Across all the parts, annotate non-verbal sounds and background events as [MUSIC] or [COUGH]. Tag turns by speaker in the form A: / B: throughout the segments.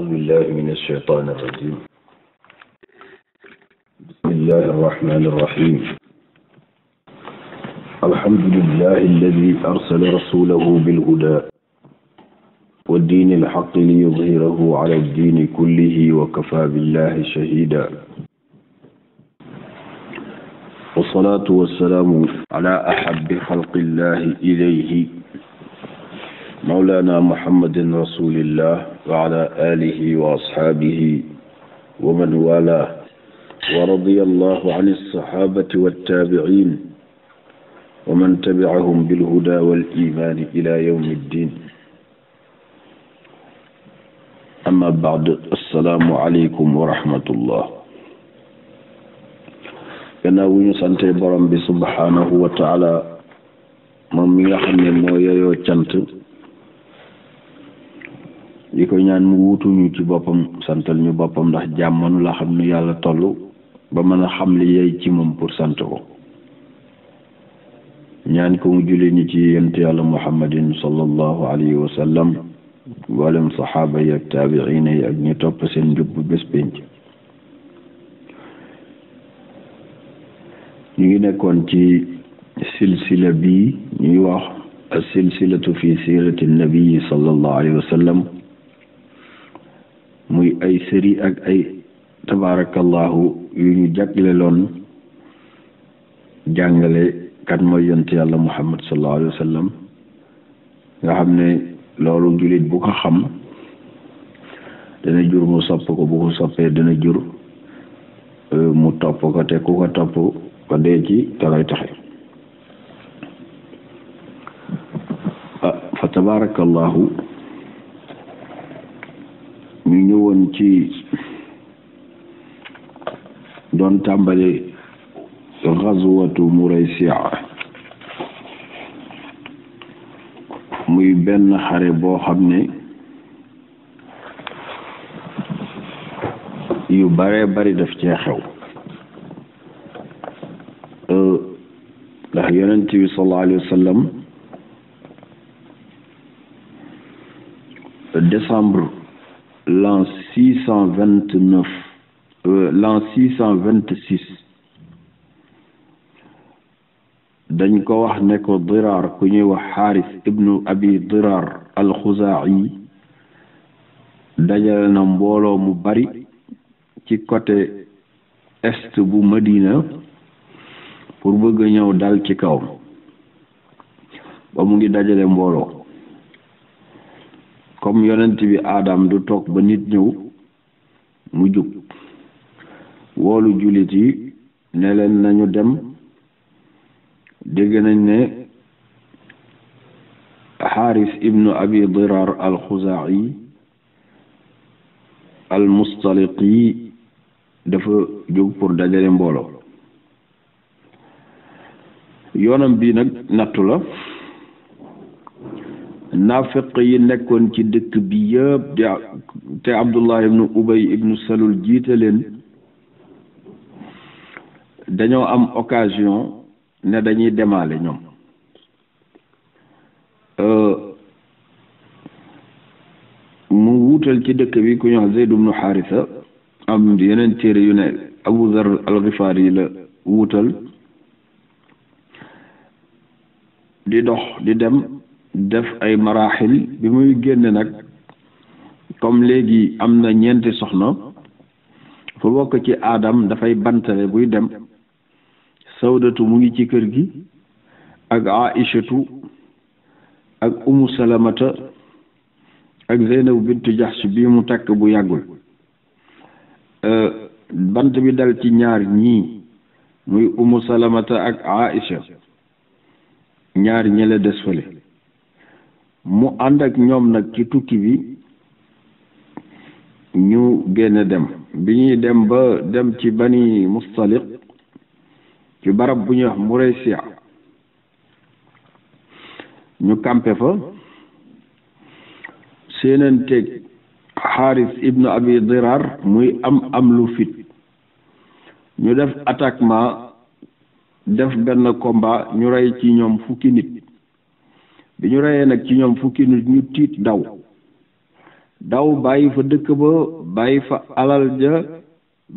A: أعوذ بالله من الشيطان الرجيم بسم الله الرحمن الرحيم الحمد لله الذي أرسل رسوله بالهدى والدين الحق ليظهره على الدين كله وكفى بالله شهيدا والصلاة والسلام على أحب خلق الله إليه mawlaana muhammadin rasulillah wa ala alihi wa ashaabihi wa man waalaa wa radiya allahu an as-sahaabati wat-taabiciin wa man tabicahum bil-hudaa wal-iimaani ilaa yawmi ddiin amma ba'd assalaamu aleykum wa rahmatullah gannaaw bu ñu sante borom bi subhaanahu wa taala moom mi nga xam ne moo yeyoo cant li ko ñaan mu wuutuñu ci boppam santal ñu boppam ndax jàmmanu la xam nu yàlla toll ba mën a xam li yey ci moom pour sant ko ñaan ko mu julli ñi ci yent yàlla muhammadin sallallahu alayhi wa sallam mboolem saxaaba yi ak taabiina yi ñu topp seen njub bés pénc ñu ngi nekkoon ci silsila bii ñuy wax as silsilatu fi siirati nabii sallallahu alayhi wa sallam muy ay sëri ak ay tabarakallahu yu ñu jagle loon jàngale kat mooy yonent yàlla muhammad sallallahu alayhi wa nga xam ne loolu jullit bu ko xam dana jur mu sopp ko bu ko soppee dana jur euh, mu topp ko te ku ko topp ba dee ci dalay taxe ah, fa tabarakallahu ñu ñëwoon ci doon tàmbali xazwatu Muraysi' muy benn xare boo xam ne yu bare bari daf cee xew euh, ndax yonent bi sallallahu alayhi wa sallam décembre l'an 629, euh, dañ ko wax ne ko diraar ku ñuy wax xaaris ibnu abi diraar alxuzaa'i dajale na mbooloo mu bari ci côté est bu Madina pour bëgg ñëw dal ci kaw ba mu ngi dajale mbooloo comme yonent bi aadam du toog ba nit ñëw mu jug woolu jullit yi ne leen nañu dem dégg nañ ne xaaris ibnu abi dirar alxuzaa'i almustaliqi dafa jóg pour dajale mbooloo yoonam bii nag nattu la naafiq yi nekkoon ci dëkk bi yëpp te abdullah ibnu ubay ibnu salul jiite leen dañoo am occasion ne dañuy demaale ñoom euh, mu wuutal ci dëkk bi ku ñu wax zeyd xaarisa am yeneen téere yu ne abu zar al gifaar yi la wuutal di dox di dem def ay maraaxil bi muy génne nag comme léegi am na ñeenti soxna fa bokk ci aadam dafay bantale buy dem sawdatu mu ngi ci kër gi ak aïchatu ak umu salamata ak zeynabu bintu jaxsi bi mu takk bu yàggul euh, bant bi dal ci ñaar ñii muy umu salamata ak aïcha ñaar ñele des fële mu ànd ak ñoom nag ci tukki bi ñu génn dem bi ñuy dem ba dem ci bani mustaliq ci barab bu ñuy wax Muraysiya ñu kampe fa seenanteeg xaaris ibnu abi dirar muy am am lu fit ñu def attaquement def benn komba ñu rey ci ñoom fukki nit bi ñu reyee nag ci ñoom fukki nit ñu tiit daw daw bàyyi fa dëkk ba bàyyi fa alal ja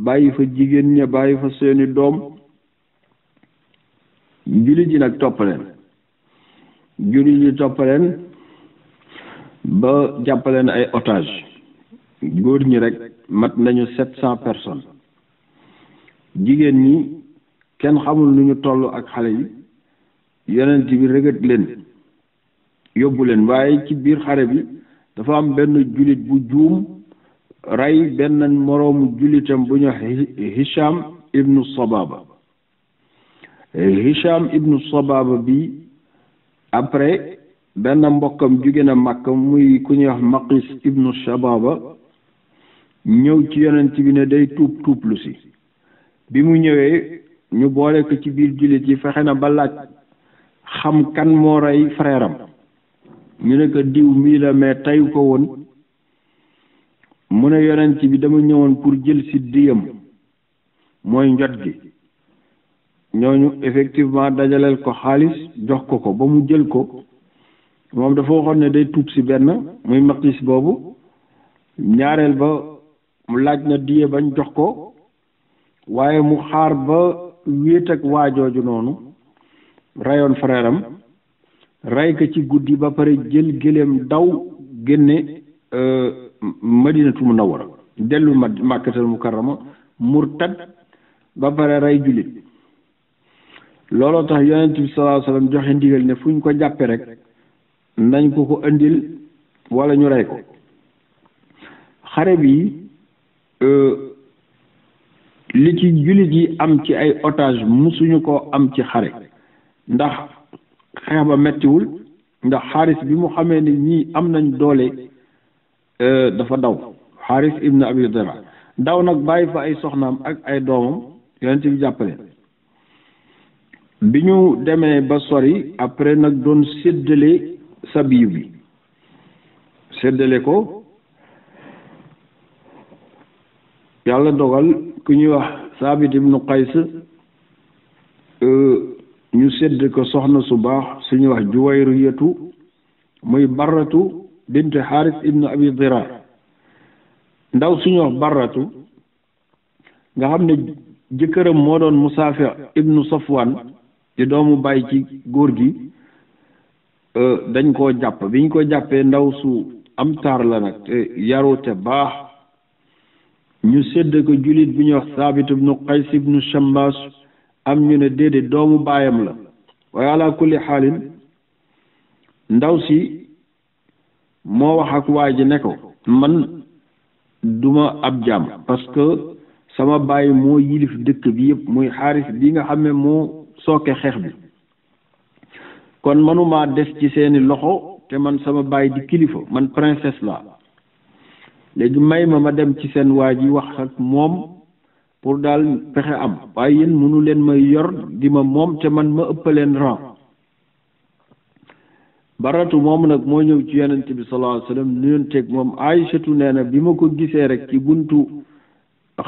A: bàyyi fa jigéen ñi bàyyi fa seeni doom jullit yi nag topp leen jullit yi topp ba jàppaleen ay otage góor ñi rek mat nañu sept cent personnes jigéen ñi kenn xamul nu ñu toll ak xale yi yonent bi rëgët leen yóbbu leen waaye ci biir xare bi dafa am benn julit bu juum rey benn moroomu julitam bu ñu Hisham ibnu Sababa Hisham ibnu Sababa bi après benn mbokkam jóge na Makka muy ku ñuy wax Maqis ibnu Shababa ñëw ci yonent bi ne day tuub tuublu si bi mu ñëwee ñu boole ko ci biir julit yi fexe na ba laaj xam kan moo rey frère ñu ne ko diw mii la mais teyu ko woon mu ne yonent bi dama ñëwoon pour jël ci diyam mooy njot gi ñooñu effectivement dajaleel ko xaalis jox ko ko ba mu jël ko moom dafa waxoon ne day tuub si benn muy maqis boobu ñaareel ba mu laaj na diye bañ jox ko waaye mu xaar ba wéet ak waajooju noonu rayoon frère ray ko ci guddi ba pare jël gëléem daw génne euh, madinatul munawwara dellu ma màkkatal mukarrama murtad ba pare ray jullit looloo tax yonent bi sallallahu alayhi joxe ndigal ne fu ñu ko jàppee rek nañ ko ko indil walla ñu rey ko xare bi euh, li ci jullit yi am ci ay otage musuñu ko am ci xare ndax xeex ba mettiwul ndax xaaris bi mu xamee ni ñii am nañ doole euh, dafa daw xaaris ibn abi dara daw nag bàyyi fa ay soxnaam ak ay doomam yonent bi jàppale bi ñu demee ba sori après nag doon séddale sabiyu bi séddale ko yàlla dogal ku ñuy wax saabit ibnu qays euh, ñu sedd ko soxna su baax suñu wax juwayriyatu muy baratu bint xaaris ibnu abi dirar ndaw suñu wax baratu nga xam ne jëkkëram moo doon musaafi ibnu safwan di doomu bàyyi ci góor gi euh, dañ ko jàpp biñ ko jàppee ndaw su am taar la nag te yaru baax ñu sedd ko julit bu ñuy wax saabit ibnu qays ibnu shambaas am ñu ne déedéet doomu baayam la waaye ala kulli xaalin ndaw si moo wax ak waa ji ne ko man duma ab jaam parce que sama baay moo yilif dëkk bi yépp muy xaaris bi nga xam ne moo sooke xeex bi kon manuma des ci seeni loxo te man sama baay di kilifa man princesse la léegi may ma ma dem ci seen waay ji wax ak moom pour daal pexe am waaye yéen mënu leen may yor di ma moom te man ma ëpp leen rang baratu moom nag moo ñëw ci yonent bi sallallahu alayhi wasallam nuyonteeg moom nee na bi ma ko gisee rek ci buntu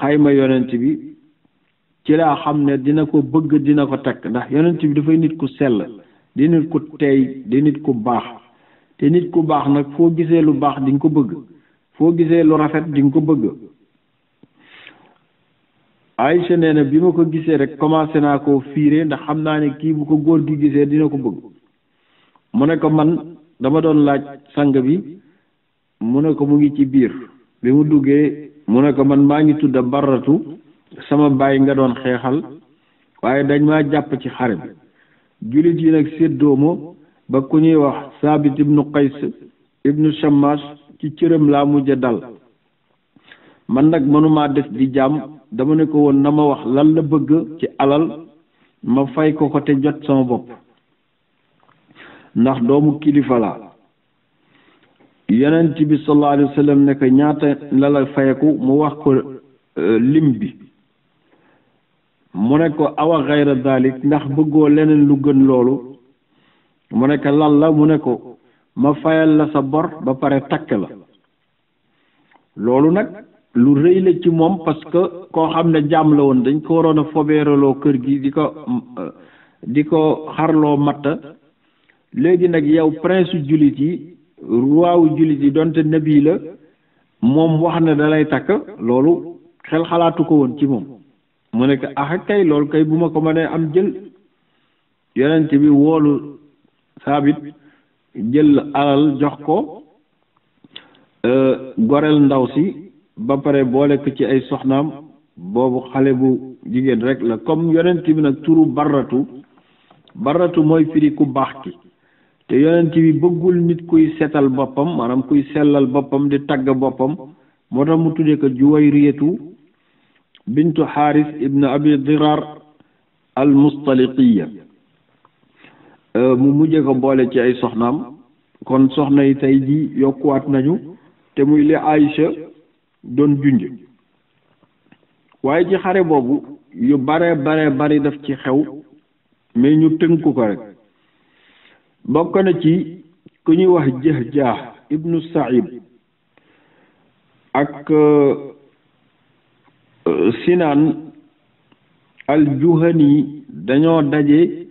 A: xayma yonent bi ci laa xam ne dina ko bëgg dina ko takk ndax yonent bi dafay nit ku sell di nit ku tey di nit ku baax te nit ku baax nag foo gisee lu baax dinga ko bëgg foo gisee lu rafet di nga ko bëgg Aïcha nee na bi ma ko gisee rek commencé naa ko fiire ndax xam naa ne kii bu ko góor gi gisee dina ko bëgg mu ne ko man dama doon laaj sang bi mu ne ko mu ngi ci biir bi mu duggee mu ne ko man maa ngi tudda baratu sama baay nga doon xeexal waaye dañ maa jàpp ci xare bi jullit yi nag séddoo ma ba ku ñuy wax saabit ibnu qays ibnu shamash ci cëram laa mujj dal man nag mënumaa def di jàmm dama ne ko woon na ma wax lan la bëgg ci alal ma fay ko ko te jot sama bopp ndax doomu kilifa la yonent bi sallallahu alayhi nekk sallam ne ko ñaata la la fayeku mu wax ko euh, lim bi mu ne ko awa xayra dalik ndax bëggoo leneen lu gën loolu mu ne ko lan la mu ne ko ma fayal la sa bor ba pare takk la loolu nag lu rëy la ci moom parce que koo xam ne jàmm la woon dañ ko waroon a fobeeraloo kër gi di ko euh, di ko xarloo matt léegi nag yow prince jullit yi ruwaawu jullit yi donte nabi la moom wax ne da lay takk loolu xel xalaatu ko woon ci moom mu ne ko ah kay loolu kay bu ma ko mënee am jël yonent bi woolu saabit jël alal jox ko euh, gorel ndaw si ba pare boole ko ci ay soxnaam boobu xale bu jigéen rek la comme yonent bi nag turu baratu baratu mooy firi ku baax ki te yonent bi bëggul nit kuy setal boppam maanaam kuy sellal boppam di tagg boppam moo tax mu tuddee ko juwayriyatu bintu xaaris ibn abi dirar al mustaliqiya euh, mu mujje ko boole ci ay soxnaam kon soxna yi tey ji yokkuwaat nañu te muy li Aïcha doon junj waaye ci xare boobu yu bare bare bari def ci xew mais ñu tënku ko rek bokk na ci ku ñuy wax Jahjaah ibnu Saïd ak euh, euh, Sinaan al-Juhani dañoo daje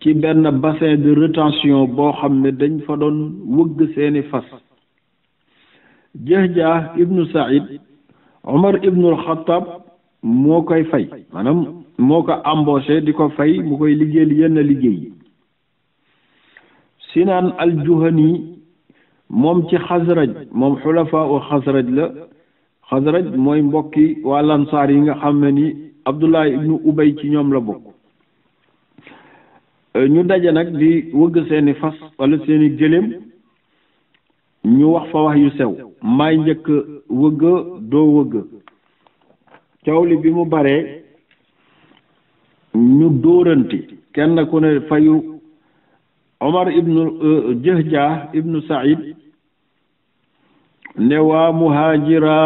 A: ci benn bassin de retention boo xam ne dañ fa doon wëgg seeni fas Jahjah ibnu Saïd Omar ibnu Xattaab moo koy fay maanaam moo ko embauché di ko fay mu koy liggéeyal yenn liggéey Sinaan al-Juhani moom ci Xasraj moom xulafaa u Xasraj la Xasraj mooy mbokki waa Lansaar yi nga xam ne ni Abdullah ibnu Ubay ci ñoom la bokk ñu daje nag di wëgg seeni fas wala seeni gëléem ñu wax fa wax yu sew maay njëkk wëgg doo wëgg coow li bi mu bare ñu dóoranti kenn ku ne fayu omar ibnu euh, jëhja ibnu said ne waa muhajira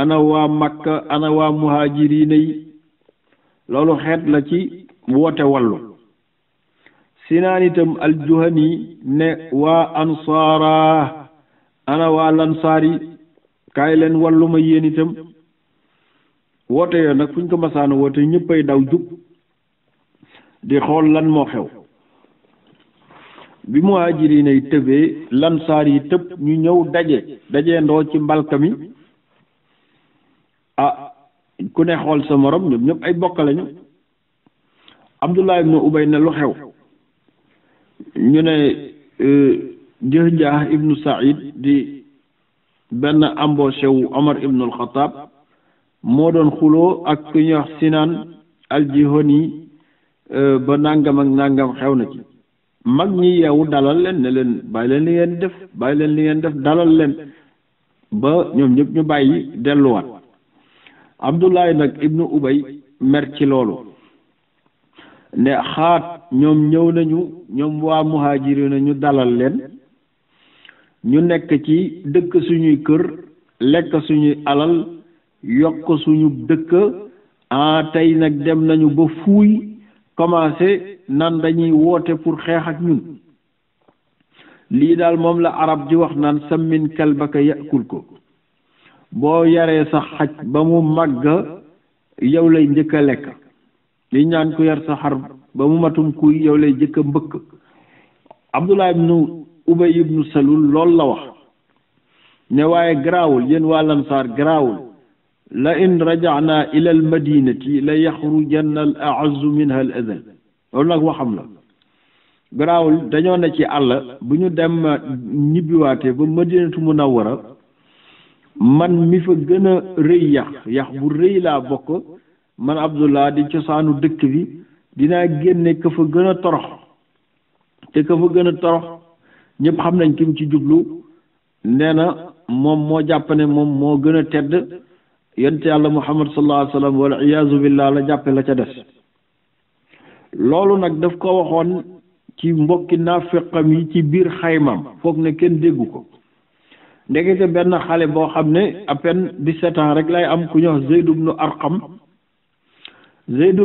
A: ana waa makka ana waa muhajirina yi loolu xeet la ci woote wallu sinaan itam aljuhani ne waa ansaara ana waa lansaar yi kaay leen wàllu ma yéen itam woote yooyu nag fu ñu ko masaana woote ñëppay daw jub di xool lan moo xew bi muhaajiriin yi tëbee lansaar yi tëb ñu ñëw daje daje ndoo ci mbalka mi ah ku ne xool sa morom ñëpp ñëpp ay bokk lañu Abdullah ibn Ubay na lu xew ñu ne euh, Jëhjaah ibnu Saïd di benn embauché wu Omar ibnu al moo doon xuloo ak ku ñuy wax Sinan al-Jihani euh, ba nangam ak nangam xew na ci mag ñi yeewu dalal leen ne leen bàyyi leen li ngeen def dalal leen ba ñoom ñëpp ñu bàyyi delluwaat Abdullahi nag ibnu Ubay mer ci loolu ne xaat ñoom ñëw nañu ñoom waa muhaajiri nañu dalal leen ñu nekk ci dëkk suñuy kër lekk suñuy alal yokk suñu dëkk tey nag dem nañu ba fuuy commencé nan dañuy woote pour xeex ak ñun lii daal moom la arab di wax naan sammin kalbaka yakul ko boo yaree sa xaj ba mu màgg yow lay njëkk a lekk li ñaan ku yar sa xar ba mu matum kuy yow lay njëkk mbëkk Abdullah ibnu ubay ibnu salul loolu la wax ne waaye garaawul yéen waa lansaar la in rajacnaa ila al madinati la yaxrujanna al aazzu minha al loolu nag waxam la garaawul dañoo na ci àll bu ñu dem ñibbiwaatee ba madinatu munawwara man mi fa gën a rëy yax yax bu rëy laa bokk man abdullah di cosaanu dëkk bi dinaa génne ka fa gën a torox te ka fa gën a torox ñépp xam nañ kim ci jublu nee na moom moo jàpp moom moo gën a tedd yonent yàlla muhammad sallallahu alayhi wa sallam iyaazu billah la jàppe la ca des loolu nag daf ko waxoon ci mbokki naafeqam yi ci biir xaymam foog ne kenn déggu ko ndekete benn xale boo xam ne à peine dix rek lay am ku ñëw Zayd ibnu Arqam Zayd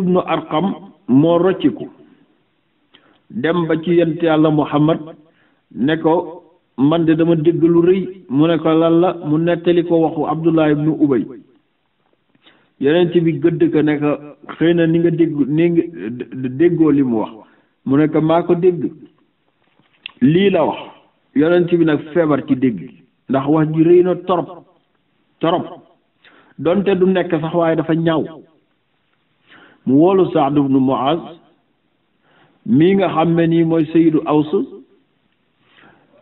A: moo rocciku dem ba ci yant yàlla muhammad ne ko man de dama dégg lu rëy mu ne ko lan la mu nettali ko waxu Abdullah ibnu Ubay yonent bi gëdd ko ne xëy na ni nga dégg ni nga déggoo li mu wax mu nekk ko maa ko dégg lii la wax yonent bi nag feebar ci dégg ndax wax ji rëy na torop torop donte du nekk sax waaye dafa ñaaw mu woolu Saad ibnu Muaz mii nga xam nii mooy sayyidu Aws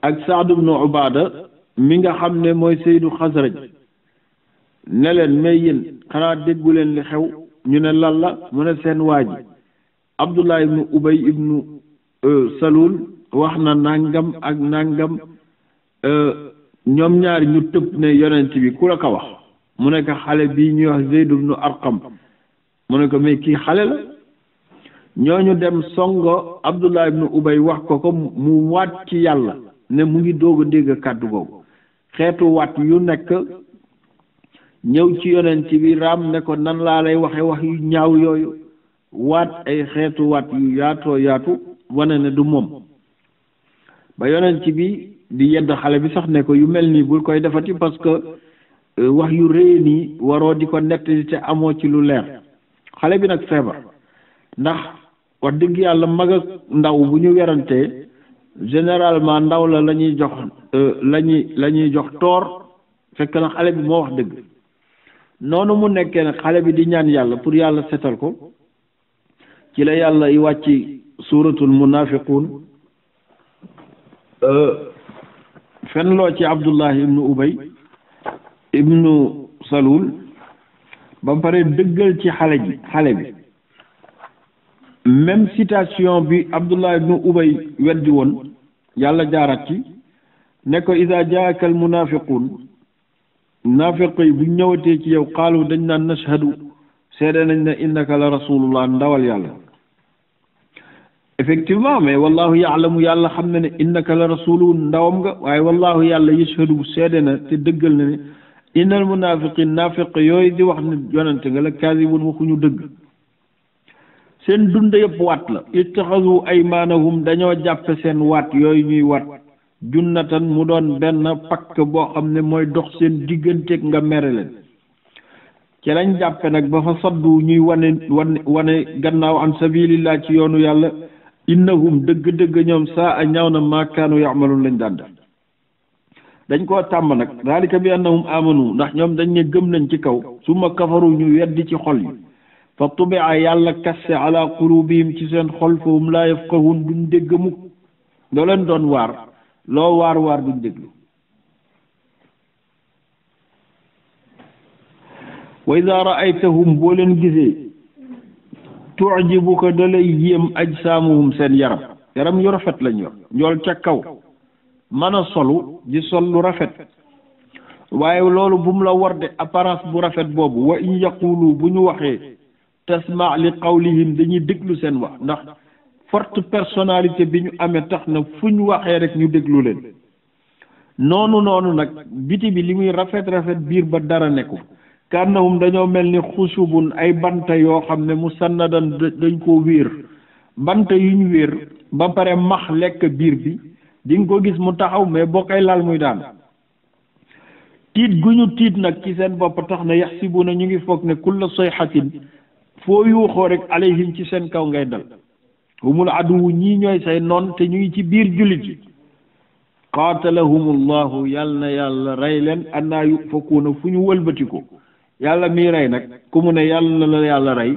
A: ak saadu ibnu Ubaada mi nga xam ne mooy Seydu Xasraj ne leen mais yéen xanaa déggu leen li xew ñu ne lan la mu ne seen waa ji Abdullah ibnu Ubay ibnu euh, Salul wax na nangam ak nangam euh, ñoom ñaari ñu tëb ne yonent bi ku la ko wax mu ne ko xale bii ñuy wax Zeyd ibnu Arqam mu ne ko mais kii xale la ñu dem songo Abdullah ibnu Ubay wax ko ko mu waat ci yàlla ne mu ngi doog dégg kàddu boobu xeetu wat yu nekk ñëw ci yonent bi raam ne ko nan laa lay waxe wax yu ñaaw yooyu waat ay xeetu waat yu yaatoo yaatu wane ne du moom ba yonent bi di yedd xale bi sax ne ko yu mel nii bul koy defati parce que euh, wax yu rëy nii waroo di ko nettali te amoo ci lu leer xale bi nag feebar ndax wax dëgg yàlla mag ak ndaw bu ñu werantee généralement ndaw la la ñuy jox euh, la ñuy la ñuy jox toor fekk na xale bi moo wax dëgg noonu mu nekkee nag xale bi di ñaan yàlla pour yàlla setal ko ci la yàlla yi wàcc suuratul munafiquun euh, fenloo ci abdullah ibnu ubay ibnu salul ba pare dëggal ci xale ji xale bi même citation bi Abdullah ibnu Ubay weddi woon yàlla jaarat ci ne ko iza jaaka al munafiqun naafiq yi bu ñëwatee ci yow xaalu dañ naan nashhadu seede nañ ne innaka la rasulullah ndawal yàlla effectivement mais xam na ne innaka la rasulu ndawam nga waaye wallahu yàlla yashhadu seede na te dëggal na ne innal munafiqin naafiq yooyu di wax ne yonante nga la kaasibun waxuñu dëgg seen dund yëpp waat la ay aymaanahum dañoo jàppe seen waat yooyu ñuy waat junnatan mu doon benn pakk boo xam ne mooy dox seen digganteeg nga mere leen ci lañ jàppe nag ba fa saddu ñuy wane wane wane gannaaw an sabilillah ci yoonu yàlla innahum dëgg-dëgg ñoom saa a ñaaw na maakaanu yaamaluun lañ daan def dañ koo tàmm nag daalika bi annahum amanu ndax ñoom dañ ne gëm nañ ci kaw suma kafaru ñu weddi ci xol yi fa tubia yàlla kasse ala qulubihim ci seen xol fa hum laa yafqahun duñ dégg mukk loo leen doon waar loo waar waar duñ déglu wa ida raaytahum boo leen gisee tujibuka da lay yéem ajsaamuhum seen yaram yaram yu rafet lañ yor njool ca kaw mën a solu di sol lu rafet waaye loolu bu mu la war de apparence bu rafet boobu wa in yaqulu bu ñu waxee tasma li qawlihim dañuy déglu seen wax ndax forte personnalité bi ñu amee tax na fu ñu waxee rek ñu déglu leen noonu noonu nag biti bi li muy rafet rafet biir ba dara nekku kannahum dañoo mel ni xusubun ay banta yoo xam ne mu musannadan dañ ko wéer banta ñu wéer ba pare max lekk biir bi di nga ko gis mu taxaw mais boo koy laal muy daan tiit gu ñu tiit nag ci seen bopp tax na yaxsibu na ñu ngi foog ne kulla soyxatin foo yuuxoo rek alayhim ci seen kaw ngay dal humul aduwu ñii ñooy say noon te ñu ngi ci biir jullit yi qaatalahum llahu yàlla na yàlla rey leen annaa yufakuuna fu ñu wëlbatiku yàlla mii rey nag ku mu ne yàlla la yàlla rey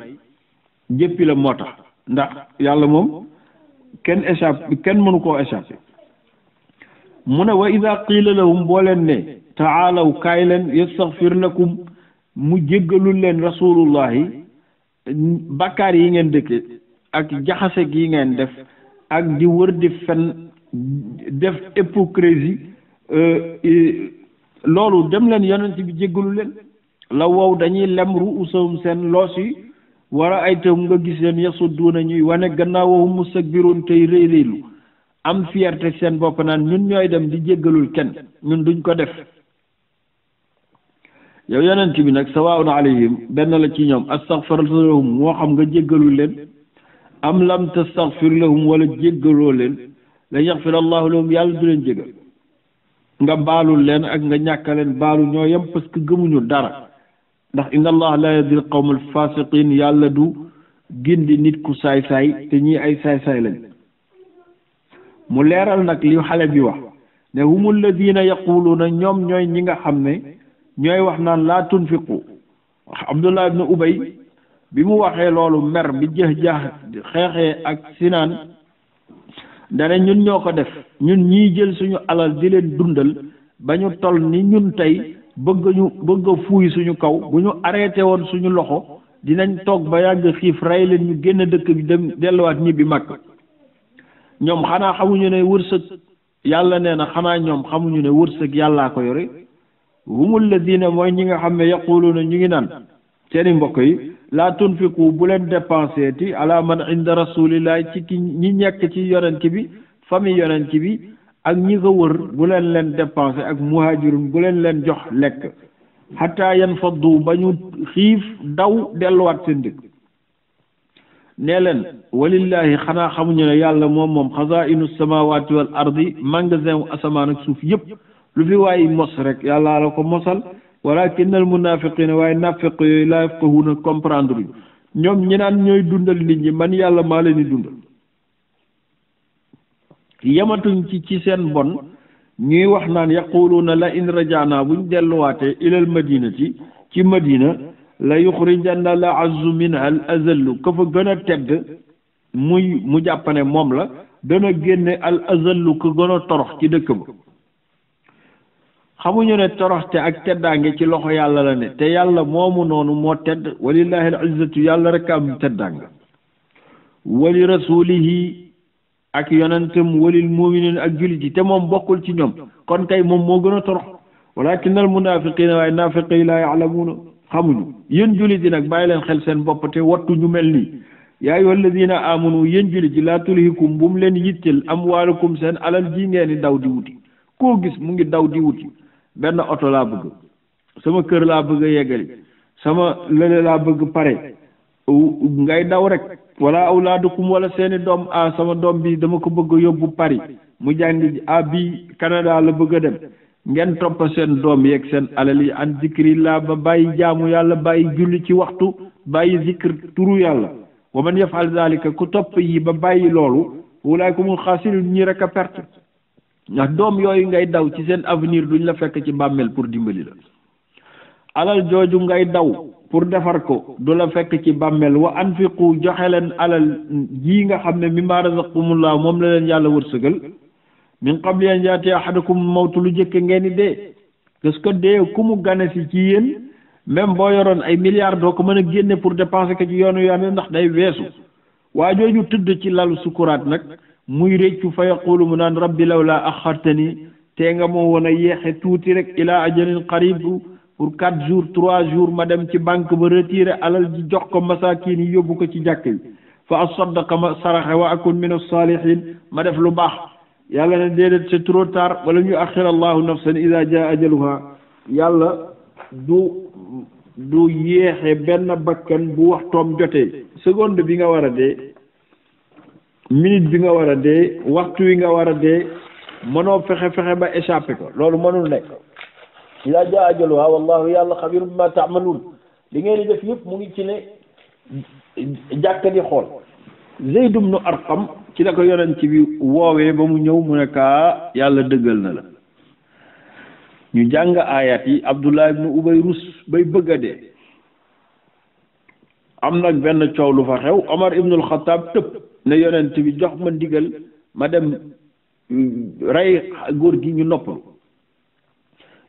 A: jëppi la moo tax ndax yàlla moom kenn échappe kenn mënu koo échappe mu ne wa ida qiila lahum boo leen ne taalaw kaay leen yastaghfir mu jéggalul leen rasulullahi bakkaar yi ngeen dëkke ak jaxase gi ngeen def ak di wër di fen def hypocrisie euh, euh, loolu dem leen yonent bi jéggalu leen la wow dañuy lem ruusahum seen loos yi wara ay tawum nga gis leen du nañuy wane gannaawahum mustakbiruun tey rëy rëylu am fierté seen bopp naan ñun ñooy dem di jéggalul kenn ñun duñ ko def yow yonent bi nag sawaawun alayhim benn la ci ñoom astaghfar lahum moo xam nga jéggalu leen am lam tastaghfir wala jéggaloo leen la yaxfir allahu lahum yàlla du leen jégal nga baalul leen ak nga ñàkk leen baalu que gëmuñu dara ndax inna allah la yahdi al qawma al yàlla du gindi nit ku saay-saay te ñii ay saay-saay lañ mu leeral nag li xale bi wax ne humul ladina yaquluuna ñoom ñooy ñi nga xam ne ñooy wax naan laa tunfiqu wax abdullah ibn ubay bi mu waxee loolu mer bi jeex jaax xeexee ak sinaan dane ñun ñoo ko def ñun ñii jël suñu alal di leen dundal ba ñu tol ni ñun tey bëgg ñu bëgg a fuuy suñu kaw bu ñu arrêté woon suñu loxo dinañ toog ba yàgg xiif rey leen ñu génn dëkk bi dem delluwaat ñibbi mag ñoom xanaa xamuñu ne wërsëg yàlla nee na xanaa ñoom xamuñu ne wërsëg yàllaa ko yore humul ladina mooy ñi nga xam ne yaquluuna ñu ngi naan seeni mbokk yi laa tunfiqu bu leen dépensé ti ala man inda rasulillahi ci ki ñi nekk ci yonent bi famille yonent bi ak ñi ko wër bu leen leen dépensé ak muhajirun bu leen leen jox lekk xataa yan faddu ba ñu xiif daw delluwaat seen dëkk nee leen walillahi xanaa xamuñu ne yàlla moom moom xazainu samawati wal ardi magasin wu asamaan ak suuf yëpp lu fi waay mos rek yàlla la ko mosal walakin al munafiqina waaye nafiq yooyu laa yafqahuna comprendre yu ñoom ñi naan ñooy dundal nit ñi man yàlla maa leen di dundal yamatuñ ci ci seen bon ñuy wax naan yaquluuna la in rajaana buñ delluwaatee ilal madinati ci madina la yuxrijanna la azzu minha al azallu ka fa gën a tedd muy mu jàppane moom la dana génne al azallu ka gën a torox ci dëkk ba xamuñu ne toroxte ak teddaange ci loxo yàlla la ne te yàlla moomu noonu moo tedd walillahi alizzatu yàlla rek am teddaanga wali rasulihi ak yonentam walil muminin ak jullit yi te moom bokkul ci ñoom kon kay moom moo gën a torox walakin al munafiqina waaye naafiqi yi laa yaalamuuna xamuñu yéen jullit yi nag bàyyi leen xel seen bopp te wattu ñu mel nii yaa ayyuha alladina amanu yéen jullit yi laa tulhikum bu mu leen yittil amwaalukum seen alal ji ngeen di daw di wuti koo gis mu ngi daw di wuti benn oto laa bëgg sama kër laa bëgg a yeggali sama lële laa bëgg pare ngay daw rek wala awlaadukum wala seeni doom a sama doom bi dama ko bëgg yóbbu Paris mu jàngi a bi Canada la bëgg a dem ngeen topp seen doom yeeg seen alal yi an zikri laa ba bàyyi jaamu yàlla bàyyi julli ci waxtu bàyyi zikr turu yàlla wa man yafal zalika ku topp yi ba bàyyi loolu wulaay ko mu xaasil ñi rek a perte ndax doom yooyu ngay daw ci seen avenir duñ la fekk ci bàmmeel pour dimbali la alal jooju ngay daw pour defar ko du la fekk ci bàmmeel wa anfiqu joxe leen alal ji nga xam ne mimma razaqkumullah moom la leen yàlla wërsëgal min qabli an yaati ahadakum mawtu lu jëkk ngeen di dee parce que dee ku mu gane si ci yéen même boo yoroon ay milliards doo ko mën a génne pour dépenser ko ci yoonu yoon ndax day weesu waa jooju tudd ci lalu sukuraat nag muy reccu fa yaqulu mu naan rabbi law laa axartani tee nga moo woon a yeexe tuuti rek ilaa ajalin qarib pour quatre jours trois jours ma dem ci banque ba retiré alal jox ko masaakin yi yóbbu ko ci jàkk bi fa asaddaqa ma saraxe wa akun min as-salihin ma def lu baax yàlla ne déedéet c'est trop tard wala ñu axira allahu nafsan ida jaa ajaluha yàlla du du yéexe benn bakkan bu waxtoom jotee seconde bi nga war a dee minute bi nga war a dee waxtu wi nga war a dee mënoo fexe fexe ba échappé ko loolu mënul nekk ila jaa ajaluha ah, wallahu yàlla xabir bima taamaluun li ngeen di def yëpp mu ngi ci ne jàkka di xool Zayd ibn Arqam ci la ko yonent bi woowee ba mu ñëw mu ne kaa yàlla dëggal na la ñu jàng ayat yi Abdullah ibn Ubay rus bay bëgg a am nag benn coow lu fa xew Omar ibn al-Khattab ne yonent bi jox ma ndigal ma dem mm, rey góor gi ñu noppalu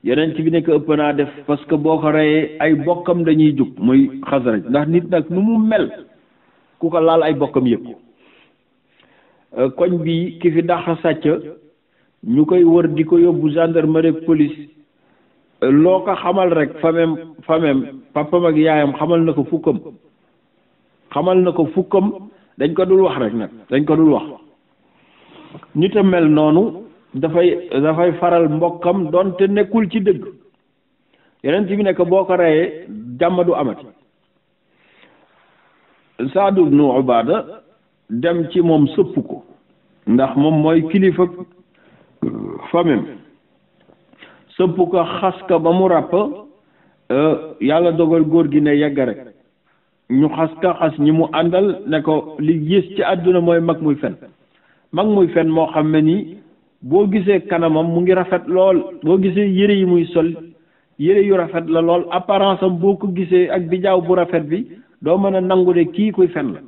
A: yonent bi ne ëpp naa def parce que boo ko reyee ay bokkam dañuy jug muy xasraj ndax nit nag nu mu mel ku ko laal ay bokkam yëpp euh, koñ bi ki fi dàq sàcc ñu koy wër di ko yóbbu gendarmerie police euh, loo ko xamal rek famem famem papam ak yaayam xamal na ko fukkam xamal na ko fukkam dañ ko dul wax rek nag dañ ko dul wax ñu te mel noonu dafay dafay faral mbokkam doonte nekkul ci dëgg yeneen bi nekk boo ko reyee jàmm du amati Saad ibnu Ubaada dem ci moom sëpp ko ndax moom mooy kilifa euh, famem sëpp ko xas ka ba mu ràpp euh, yàlla dogal góor gi ne yegg rek ñu xas ka xas ñi mu àndal ne ko li gis ci àdduna mooy mag muy fen mag muy fen moo xam ne nii boo gisee kanamam mu ngi rafet lool boo gisee yére yi muy sol yére yu rafet la lool apparence am boo ko gisee ak bijaaw bu rafet bi doo mën a nangu de kii kuy fen la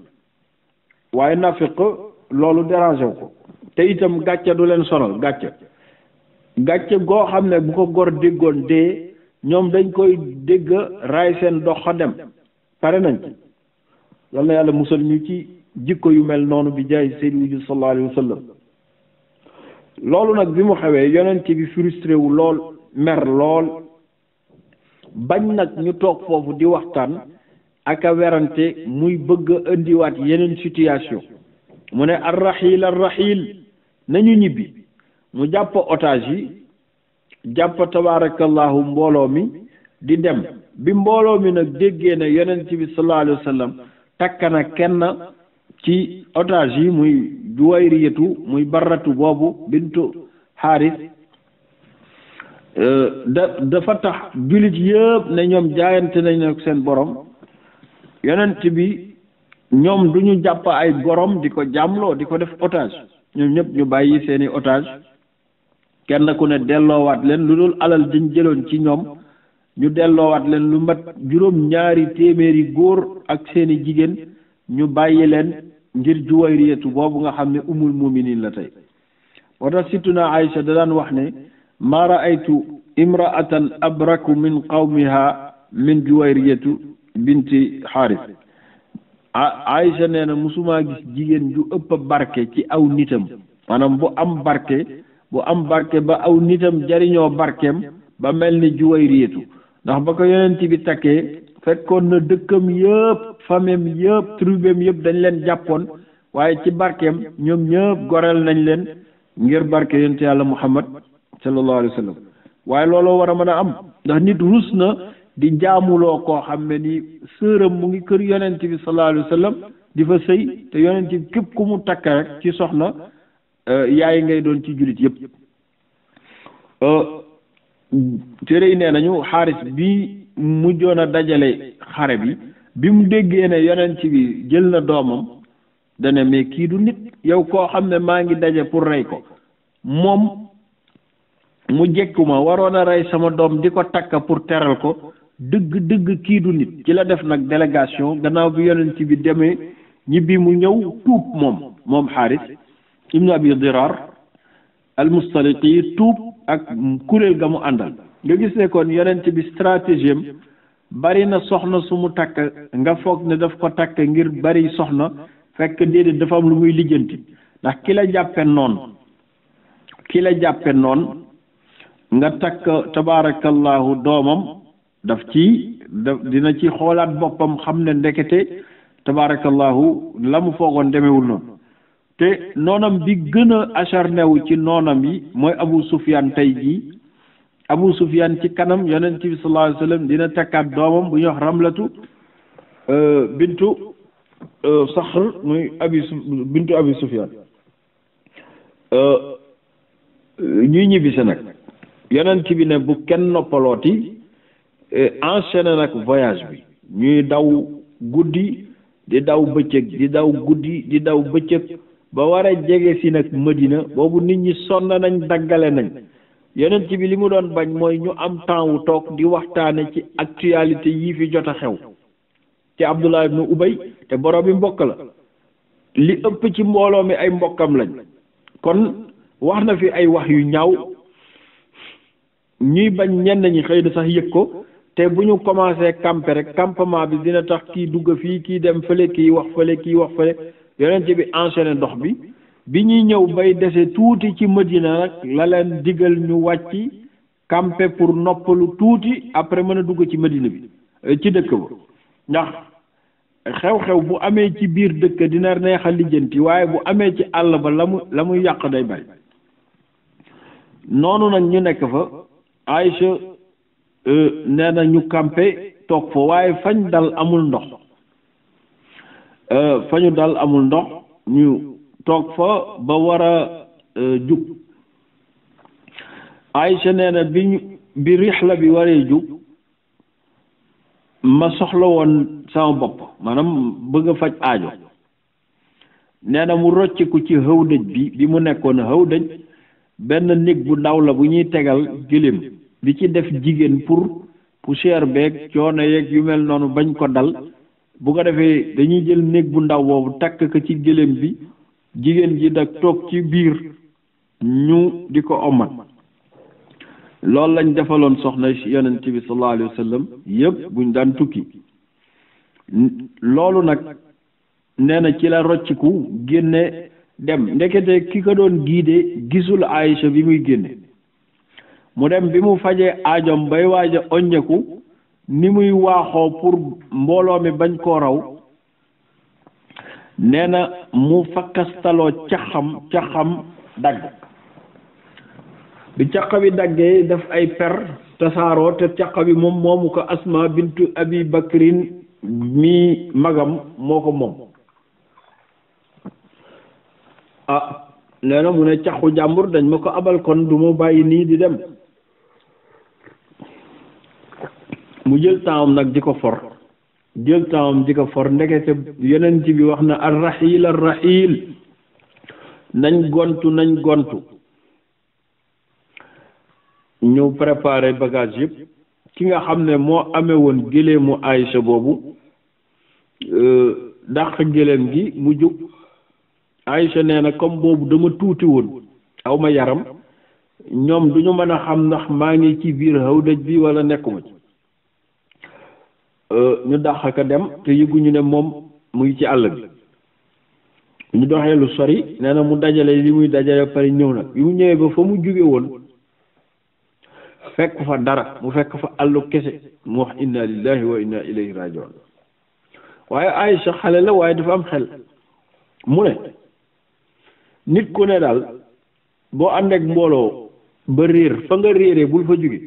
A: waaye nafiq loolu dérangé wu ko te itam gàcce du leen sonal gàcce gàcce goo xam ne bu ko gor déggoon dee ñoom dañ koy dégg raay seen dox dem pare nañ yal na yàlla musal ñu ci jikko yu mel noonu bi jaay seydi wujud sallallahu alayhi wa loolu nag bi mu xewee yonent bi frustré wu lool mer lool bañ nag ñu toog foofu di waxtaan ak a werante muy bëgg a indiwaat yeneen situation mu ne arraxiil arraxiil nañu ñibbi mu jàpp otage yi jàpp tabaarakallahu mbooloo mi di dem bi mbooloo mi nag déggee ne yonent bi sallallahu alayhi wa takk na kenn ci otage yi muy juwayriyatu muy barratu boobu bintu xaaris euh, da dafa tax jullit yëpp ne ñoom jaayante nañ ak seen borom yonent bi ñoom du ñu jàpp ay gorom di ko jàmloo di ko def otage ñoom ñëpp ñu bàyyi seeni otage kenn ku ne delloowaat leen lu dul alal diñ jëloon ci ñoom ñu delloowaat leen lu mat juróom ñaari téeméeri góor ak seeni jigéen ñu bàyyi leen ngir juwayriyatu boobu nga xam ne umul muminin la tey moo tax sittuna Aïcha da daan wax ne ma raaytu imraatan abraku min qawmiha min juwayriyatu binti xaaris Aïcha nee na musumaa gis jigéen ju ëpp barke ci aw nitam maanaam bu am barke bu am barke ba aw nitam jariñoo barkeem ba mel ni juwayriyatu ndax ba ko yonent bi takkee fekkoon na dëkkam yëpp famem yëpp trubem yëpp dañ leen jàppoon waaye ci barkeem ñoom ñëpp goreel nañ leen ngir barke yonent yàlla muhammad sallallahu alayhi wa waaye looloo war a mën a am ndax nit rus na di jaamuloo koo xam ne ni sëram mu ngi kër yonent bi sallallahu alayhi wa di fa sëy te yonent bi képp ku mu takk rek ci soxna eh, yaay ngay doon ci jullit yëpp eh, téere yi nee nañu xaaris bi mujjoon a dajale xare bi bi mu déggee ne yonent bi jël na doomam dane mais kii du nit yow koo xam ne maa ngi daje pour rey ko moom mu jekku ma waroon a rey sama doom di ko takk pour teral ko dëgg dëgg kii du nit ci la def nag délégation gannaaw bi yonent bi demee ñibbi mu ñëw tuub moom moom xaaris ibnu abi dirar al mustaliqi tuub ak kuréel ga mu àndal nga gis ne kon yonent bi stratégie am bari na soxna su mu takk nga foog ne daf ko takk ngir bari soxna fekk déedéet dafa am lu muy lijjanti ndax ki la jàppe noonu ki la jàppe noon nga takk tabaarakallahu doomam daf ci daf dina ci xoolaat boppam xam ne ndekete tabaarakallahu la mu foogoon demewul noonu te noonam bi gën a acharné wu ci noonam yi mooy Abu Sufyan tey jii Abu Sufyan ci kanam yonent bi sallallahu alayhi dina takkaat doomam bu ñuy wax Ramlatu euh, bintu euh, Saxr muy Abi bintu Abi euh, ñuy ñibbisi nag yonent bi ne bu kenn noppalooti enchaîné nag voyage bi ñuy daw guddi di daw bëccëg di daw guddi di daw bëccëg ba war a jege si nag Madina boobu nit ñi sonn nañ daggale nañ yonent bi li mu doon bañ mooy ñu am temps wu toog di waxtaane ci actualité yii fi jot a xew ci Abdullah ibn Ubay te borom bi mbokk la li ëpp ci mbooloo mi ay mbokkam lañ kon wax na fi ay wax yu ñaaw ñuy bañ ñenn ñi xëy na sax yëg ko te bu ñu commencé camper rek campement bi dina tax kii dugg fii kii dem fële kii wax fële kii wax fële yonent bi enchaîné ndox bi bi ñuy ñëw bay dese tuuti ci Madina nag la leen digal ñu wàcc campé pour noppalu tuuti après mën a dugg ci Madina bi euh, ci dëkk ba ndax xew-xew bu amee ci biir dëkk dina neex a lijjanti waaye bu amee ci àll ba la mu la muy yàq day bari noonu nag ñu nekk fa Aïcha euh, nee na ñu campé toog fa waaye fañ dal amul ndox Euh, fa ñu dal amul ndox ñu toog fa ba war a euh, jug Aïcha nee na bi ñu bi rixla bi waree jug ma soxlawoon sama bopp maanaam bëgg a faj aajo nee na mu rocciku ci xëw dëj bi bi mu nekkoon xëw dëj benn néeg bu ndaw la bu ñuy tegal gëléem bi ci def jigéen pour poussière beeg coono yeeg yu mel noonu bañ ko dal bu ko defee dañuy jël néeg bu ndaw boobu takk ko ci gëléem bi jigéen ji nag toog ci biir ñu di ko omat loolu lañ defaloon soxna yonent bi sallallahu alayhi wa sallam yëpp buñ daan tukki loolu nag nee na ci la rocciku génne dem ndekete ki ko doon giide gisul Aïcha bi muy génne mu dem bi mu fajee aajom bay waaj a oññeku ni muy waaxoo pour mbooloo mi bañ koo raw nee na mu fakkastaloo caxam caxam dagg bi caqa bi daggee daf ay per tasaaroo te caqa bi moom moomu ko asma bintu abi bakrin mi magam moo ko moom ah nee na mu ne caxu jàmbur dañ ma ko abal kon du ma bàyyi nii di dem mu jël tempsam nag di ko for jël tempsam di ko for ndekete yonent bi wax na arraxiil arraxiil nañ gontu nañ gont ñu préparé bagage yëpp ki nga xam ne moo amewoon woon géléemu Aïcha boobu euh, dàq géléem gi mu jóg Aïcha nee na comme boobu dama tuuti woon aw ma yaram ñoom du ñu mën a xam ndax maa ngi ci biir hawdaj bi wala nekkuma ci Euh, ñu dàq ka dem te yëguñu ne moom mu ngi ci àll bi ñu doxee lu sori nee na mu dajale li muy dajale pare ñëw nag bi mu ñëwee ba fa mu jóge woon fekk fa dara mu fekk fa àllu kese mu wax inna lillahi wa waaye Aïcha xale la waaye dafa am xel mu ne nit ko ne daal boo ànd ak mbooloo ba réer fa nga réeree bul fa jóge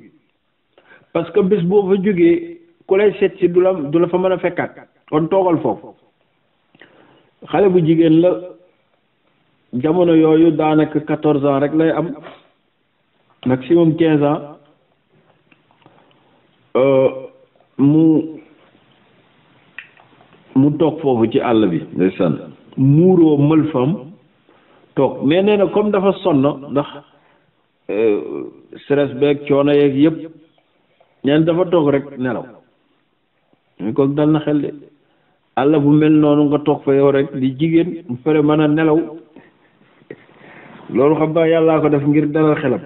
A: parce bés boo fa jógee ku lay seet si du la du la fa mën a fekkaat kon toogal foofu xale bu jigéen la jamono yooyu daanaka quatorze ans rek lay am maximum quinze ans euh, mu mu toog foofu ci àll bi ndeysaan muuroo mël fam toog mais nee na comme dafa sonn ndax euh, stress beeg coono yeeg yëpp ñeen dafa toog rek nelaw mais kooku dal na xel de àll bu mel noonu nga toog fa yow rek di jigéen bu pare mën a nelaw loolu xam nga yàllaa ko def ngir dalal xelam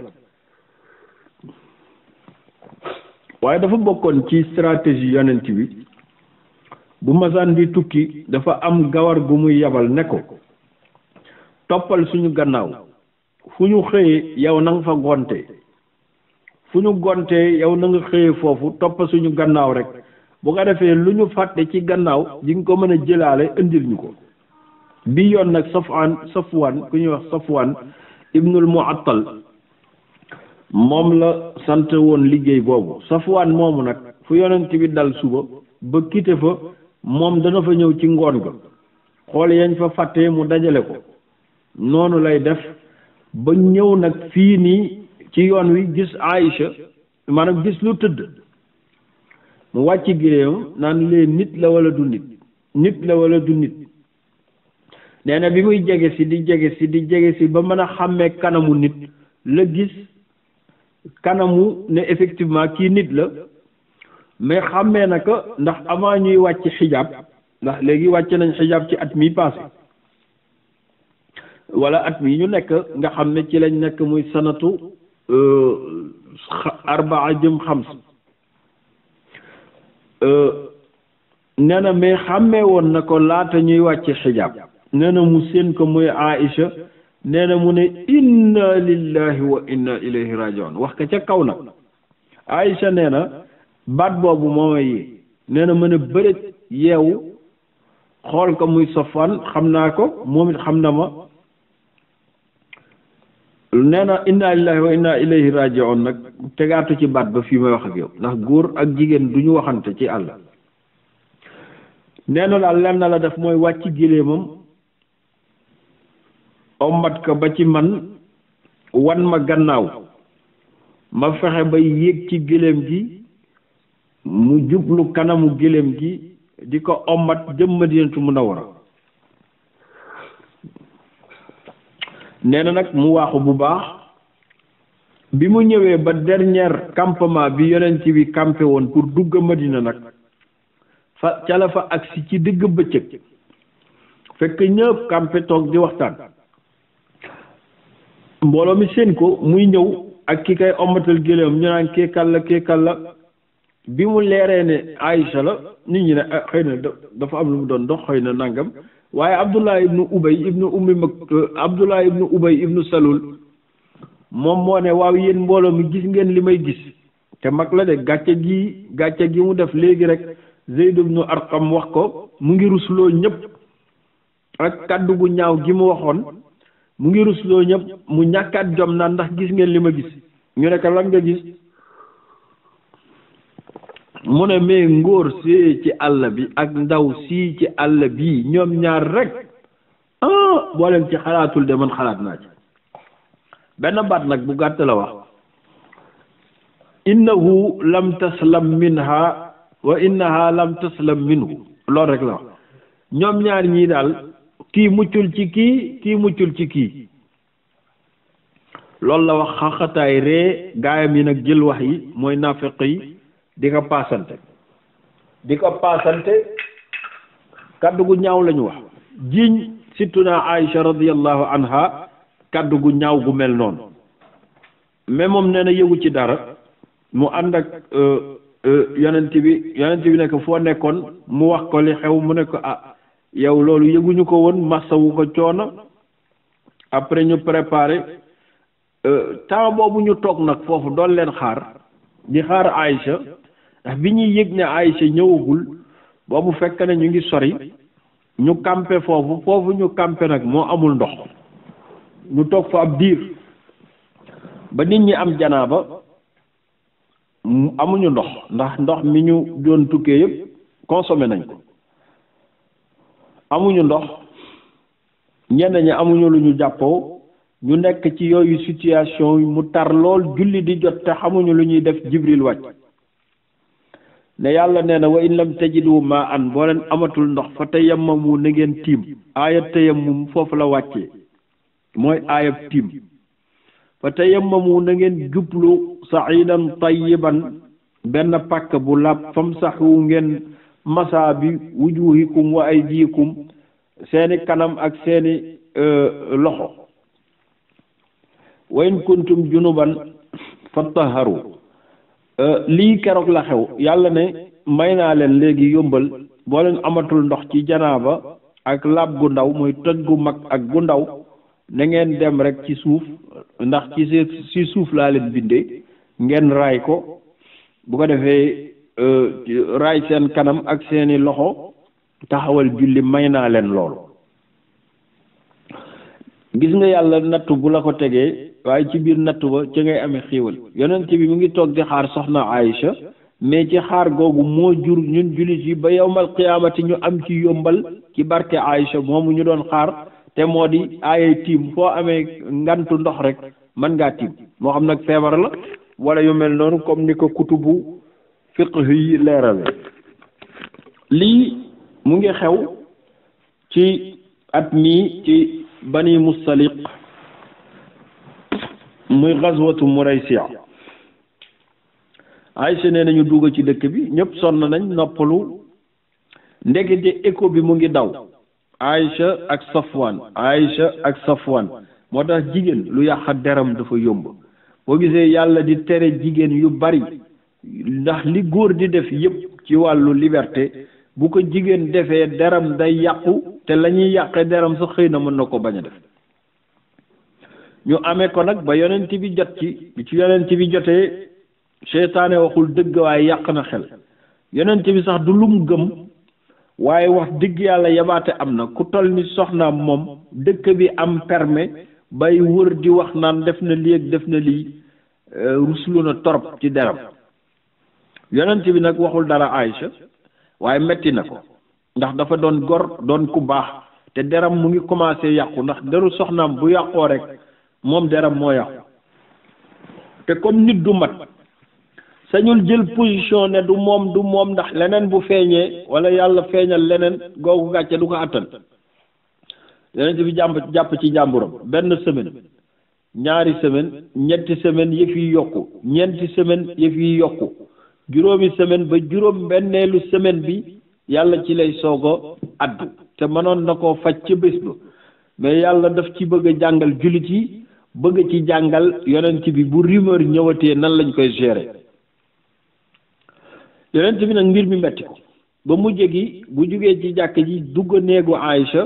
A: waaye dafa bokkoon ci stratégie yonent bi bu masaan di tukki dafa am gawar gu muy yabal ne ko toppal suñu gannaaw fu ñu xëyee yow na nga fa gonte fu ñu gontee yow nanga xëyee foofu toppal suñu gannaaw rek bu nga defee lu ñu fàtte ci gannaaw di nga ko mën a jëlaale indil ñu ko bi yoon nag Safwan Safwan ku ñuy wax Safwan ibnul Muattal moom la sant woon liggéey boobu Safwan moomu nag fu yonent bi dal suba ba kite fa moom dana fa ñëw ci ngoon ga xool yañ fa fàtte mu dajale ko noonu lay def ba ñëw nag fii nii ci yoon wi gis Aïcha maanaam gis lu tëdd mu wàcc giléem naan lee nit la wala du nit nit la wala du nit nee bi muy jege si di jege si di jege si ba mën a xàmmee kanamu nit la gis kanamu ne effectivement kii nit la mais xàmmee na ko ndax avant ñuy wàcc xijaab ndax léegi wàcce nañ xijaab ci at mi passé wala at mi ñu nekk nga xam ne ci lañ nekk muy sanatu euh, arbaa jëm xams Euh, nee na mais woon na ko laata ñuy wàcc xijaab nee na mu seen ko muy Aïcha nee mu ne inna lillahi wa inna ilayhi rajiun wax ka ca kaw nag Aïcha nee na baat boobu mooma yi nee na mën a bërit yeewu xool ko muy sofaan xam naa ko moom it xam na ma nee na inna lillahi wa inna ilayhi raji'un nag tegaatu ci baat ba fii may wax ak yow ndax góor ak jigéen du ñu waxante ci àll nee na daal lenn la def mooy wàcc giléemam ommat ko ba ci man wan ma gannaaw ma fexe ba yéeg ci giléem gi mu jublu kanamu giléem gi di ko jëmma ommat jëm a Munawwara nee na nag mu waaxu bu baax bi mu ñëwee ba dernier campement bi yonent bi campé woon pour dugg Madina nag fa ca la fa agsi ci digg bëccëg fekk ñëpp campé toog di waxtaan mbooloo mi seen ko muy ñëw ak ki kay ombatal géléem ñu naan keekal la keekal la bi mu leeree ne Aïcha la nit ñi ne ah, xëy na dafa am lu mu doon dox xëy na nangam waaye Abdullah ibnu Ubay ibnu Ummi Maktum Abdullah ibnu Ubay ibnu Salul moom moo ne waaw yéen mbooloo mi gis ngeen li may gis te mag la de gàcce gi gàcce gi mu def léegi rek Zeyd ibnu Arqam wax ko mu ngi rusloo ñëpp ak kàddu gu ñaaw gi mu waxoon mu ngi rusloo ñëpp mu ñàkkaat jom naan ndax gis ngeen li ma gis ñu ne ko lan nga gis mu ne mais ngóor see ci àll bi ak ndaw sii ci àll bi ñoom ñaar rekk ah boo leen ci xalaatul de man xalaat naa ci benn baat nag bu gàtt la wax innahu lam taslam minha wa innaha lam taslam minhu loolu rek la wax ñoom ñaar ñii daal kii muccul ci kii kii muccul ci kii loolu la wax xaxataay ree gaayam yi nag jël wax yi mooy nafiq yi di ko paasante di ko paasante kaddu gu ñaaw la ñu wax jiiñ sittuna Aïcha radiyallahu anha kaddu gu ñaaw gu mel noonu mais moom nee na yëgu ci dara mu ànd ak euh, euh, yonent bi yonent bi nekk foo nekkoon mu wax ko li xew mu ne ko ah yow loolu yëguñu ko woon wu ko coono après ñu préparé euh, temps boobu ñu toog nag foofu doon leen xaar di xaar Aïcha ndax bi ñuy yëg ne Aïcha ñëwagul boobu fekk ne ñu ngi sori ñu campe foofu foofu ñu campe nag moo amul ndox ñu toog fa ab diir ba nit ñi am janaaba amuñu ndox ndax ndox mi ñu doon tukkee yëpp consommé nañ ko amuñu ndox ñenn ñi amuñu lu ñu jàppoo ñu nekk ci yooyu situation mu tar lool julli di jot te xamuñu lu ñuy def jibril wàcc ne yàlla nee na wa in lam tajidu ma an boo leen amatul ndox fa tayammamu na ngeen tiim aaya tayammum foofu la wàccee mooy aayab tiim fa tayammamu na ngeen jublu sa'idan tayyiban benn pàkk bu lab famsahu ngeen masaa bi wujuhikum wa aydikum seeni kanam ak seeni euh, loxo wa in kuntum junuban fattaharu euh, lii keroog la xew yàlla ne may naa leen léegi yombal boo leen amatul ndox ci janaaba ak laab gu ndaw muy toj gu mag ak gu ndaw na ngeen dem rek ci suuf ndax ci suuf laa leen bindee ngeen raay ko bu ko defee euh, raay seen kanam ak seeni loxo taxawal julli may naa leen loolu gis nga yàlla nattu bu la ko tegee waaye ci biir natt ba ci ngay amee xéewal yonent bi mu ngi toog di xaar soxna Aïcha mais ci xaar googu moo jur ñun jullit yi ba yowmal qiyaamati ñu am ci yombal ci barke Aïcha moomu ñu doon xaar te moo di aayay tiim foo amee ngantu ndox rek mën ngaa tiim moo xam nag feebar la wala yu mel noonu comme ni ko kutubu fiqh yi leerale lii mu ngi xew ci at mii ci bani mustaliq muy gazwatu Muraysiya Aysa nee nañu dugg ci dëkk bi ñëpp sonn nañ noppalu ndekete écho bi mu ngi daw Aysa ak Safwan Aysa ak Safwan moo tax jigéen lu yàq deram dafa yomb boo gisee yàlla di tere jigéen yu bari ndax li góor di def yépp ci wàllu liberté bu ko jigéen defee deram day yàqu te lañuy ñuy yàqee deram sa xëy na mën na ko bañ a def ñu amee ko nag ba yonent bi jot ci bi ci yonent bi jotee seytaane waxul dëgg waaye yàq na xel yonent bi sax du lum gëm waaye wax dëgg yàlla yabaate am na ku toll ni soxnaam moom dëkk bi am permis bay wër di wax naan def na lii ak def na lii euh, ruslu na torop ci deram yonent bi nag waxul dara Aïcha waaye metti na ko ndax dafa doon gor doon ku baax te deram mu ngi commencé yàqu ndax deru soxnaam bu yàqoo rek moom deram moo yàqu te comme nit du mat sañul jël position ne du moom du moom ndax leneen bu feeñee wala yàlla feeñal leneen googu gàcce du ko àttan yeneen ti fi jàmp jàpp ci jàmburam benn semaine ñaari semaine ñetti semaine yëf yi yokku ñeenti semaine yëf yi yokku juróomi semaine ba juróom benneelu semaine bi yàlla ci lay soog a addu te mënoon na ko faj ca bés ba mais yàlla daf ci bëgg a jàngal jullit yi bëgg ci jàngal yonent bi bu rumeur ñëwatee nan lañ koy gérer yonent bi nag mbir mi metti ko ba mujj gi bu jugee ci jàkk ji dugg néegu Aïcha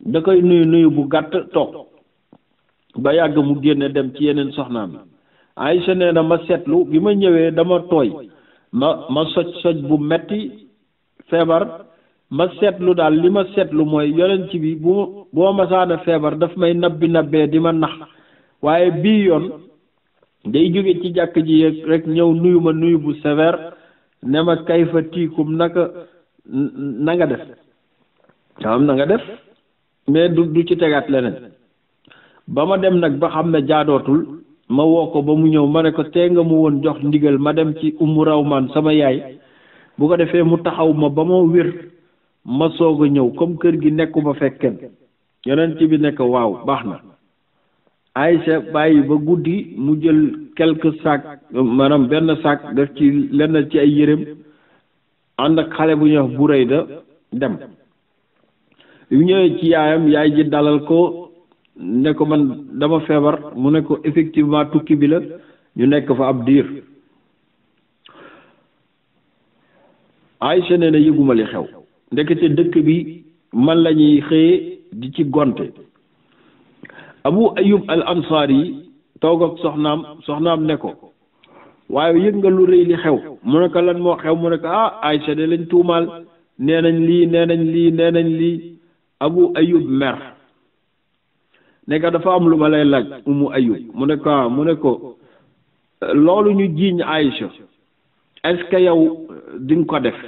A: da koy nuyu nuyu bu gàtt toog ba yàgg mu génn dem ci yeneen soxnaam Aïcha nee na ma seetlu bi ma ñëwee dama tooy ma ma soj soj bu metti feebar ma seetlu daal li ma seetlu mooy yonent bi bu boo masaana feebar dafa may nabbi nabbee di ma nax waaye bii yoon day jóge ci jàkk ji rek ñëw nuyu ma nuyu bu sévère ne ma kayfa fa tiikum naka na nga def am na nga def mais du du ci tegaat leneen ba ma dem nag ba xam ne jaadootul ma woo ko ba mu ñëw ma ne ko tee nga mu woon jox ndigal ma dem ci umu rawmaan sama yaay bu ko defee mu taxaw ma ba ma wér ma soog a ñëw comme kër gi nekkuma fekk kenn yonent bi nekk waaw baax na Aysa bàyyi ba guddi mu jël quelque sac maanaam benn sac def ci lenn ci ay yéreem ànd ak xale bu bu rëy da dem yu ñëwee ci yaayam yaay ji dalal ko ne ko man dama feebar mu ne ko effectivement tukki bi la ñu nekk fa ab diir Aysa nee na yëguma li xew ndekete dëkk bi man la ñuy xëye di ci gonte abu ayub al ansaari yi toog ak soxnaam soxnaam ne ko waaye yëg nga lu rëy li xew mu ne ko lan moo xew mu ne ko ah Aysa de lañ tuumaal nee nañ lii nee nañ lii nee nañ lii abu ayub mer ne dafa am lu ma lay laaj umu ayub mu ne ko ah mu ne ko loolu ñu jiiñ Aysa est-ce yow di ko def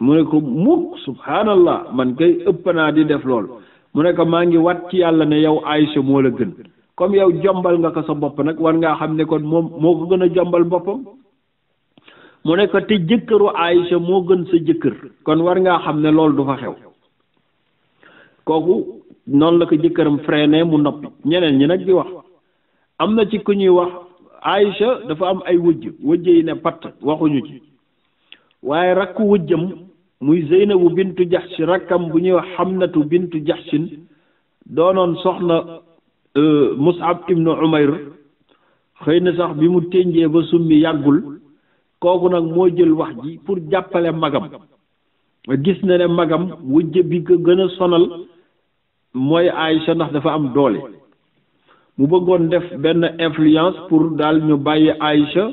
A: mu ne ko mukk subhaanallah man kay ëpp naa di def lool mu ne ko maa ngi wat ci yàlla ne yow Aïcha moo la gën comme yow jombal nga ko sa bopp nag war ngaa xam ne kon moom moo ko gën a jombal boppam mu ne ko te jëkkëru Aïcha moo gën sa jëkkër kon war ngaa xam ne loolu du fa xew kooku noonu la ko jëkkëram freiné mu noppi ñeneen ñi nag di wax am na ci ku ñuy wax Aïcha dafa am ay wëjj wëjj yi ne patt waxuñu ci waaye rakku wëjjam muy Zeynabu bintu Jaxsin rakkam bu ñuy wax Xamnatu bintu Jaxsin doonoon soxna euh, Mus'ab ibnu Umayr xëy na sax bi mu ténjee ba summi yàggul kooku nag moo jël wax ji pour jàppale magam gis na ne magam wujj bi gën a sonal mooy Aïcha ndax dafa am doole mu bëggoon def benn influence pour daal ñu bàyyi Aïcha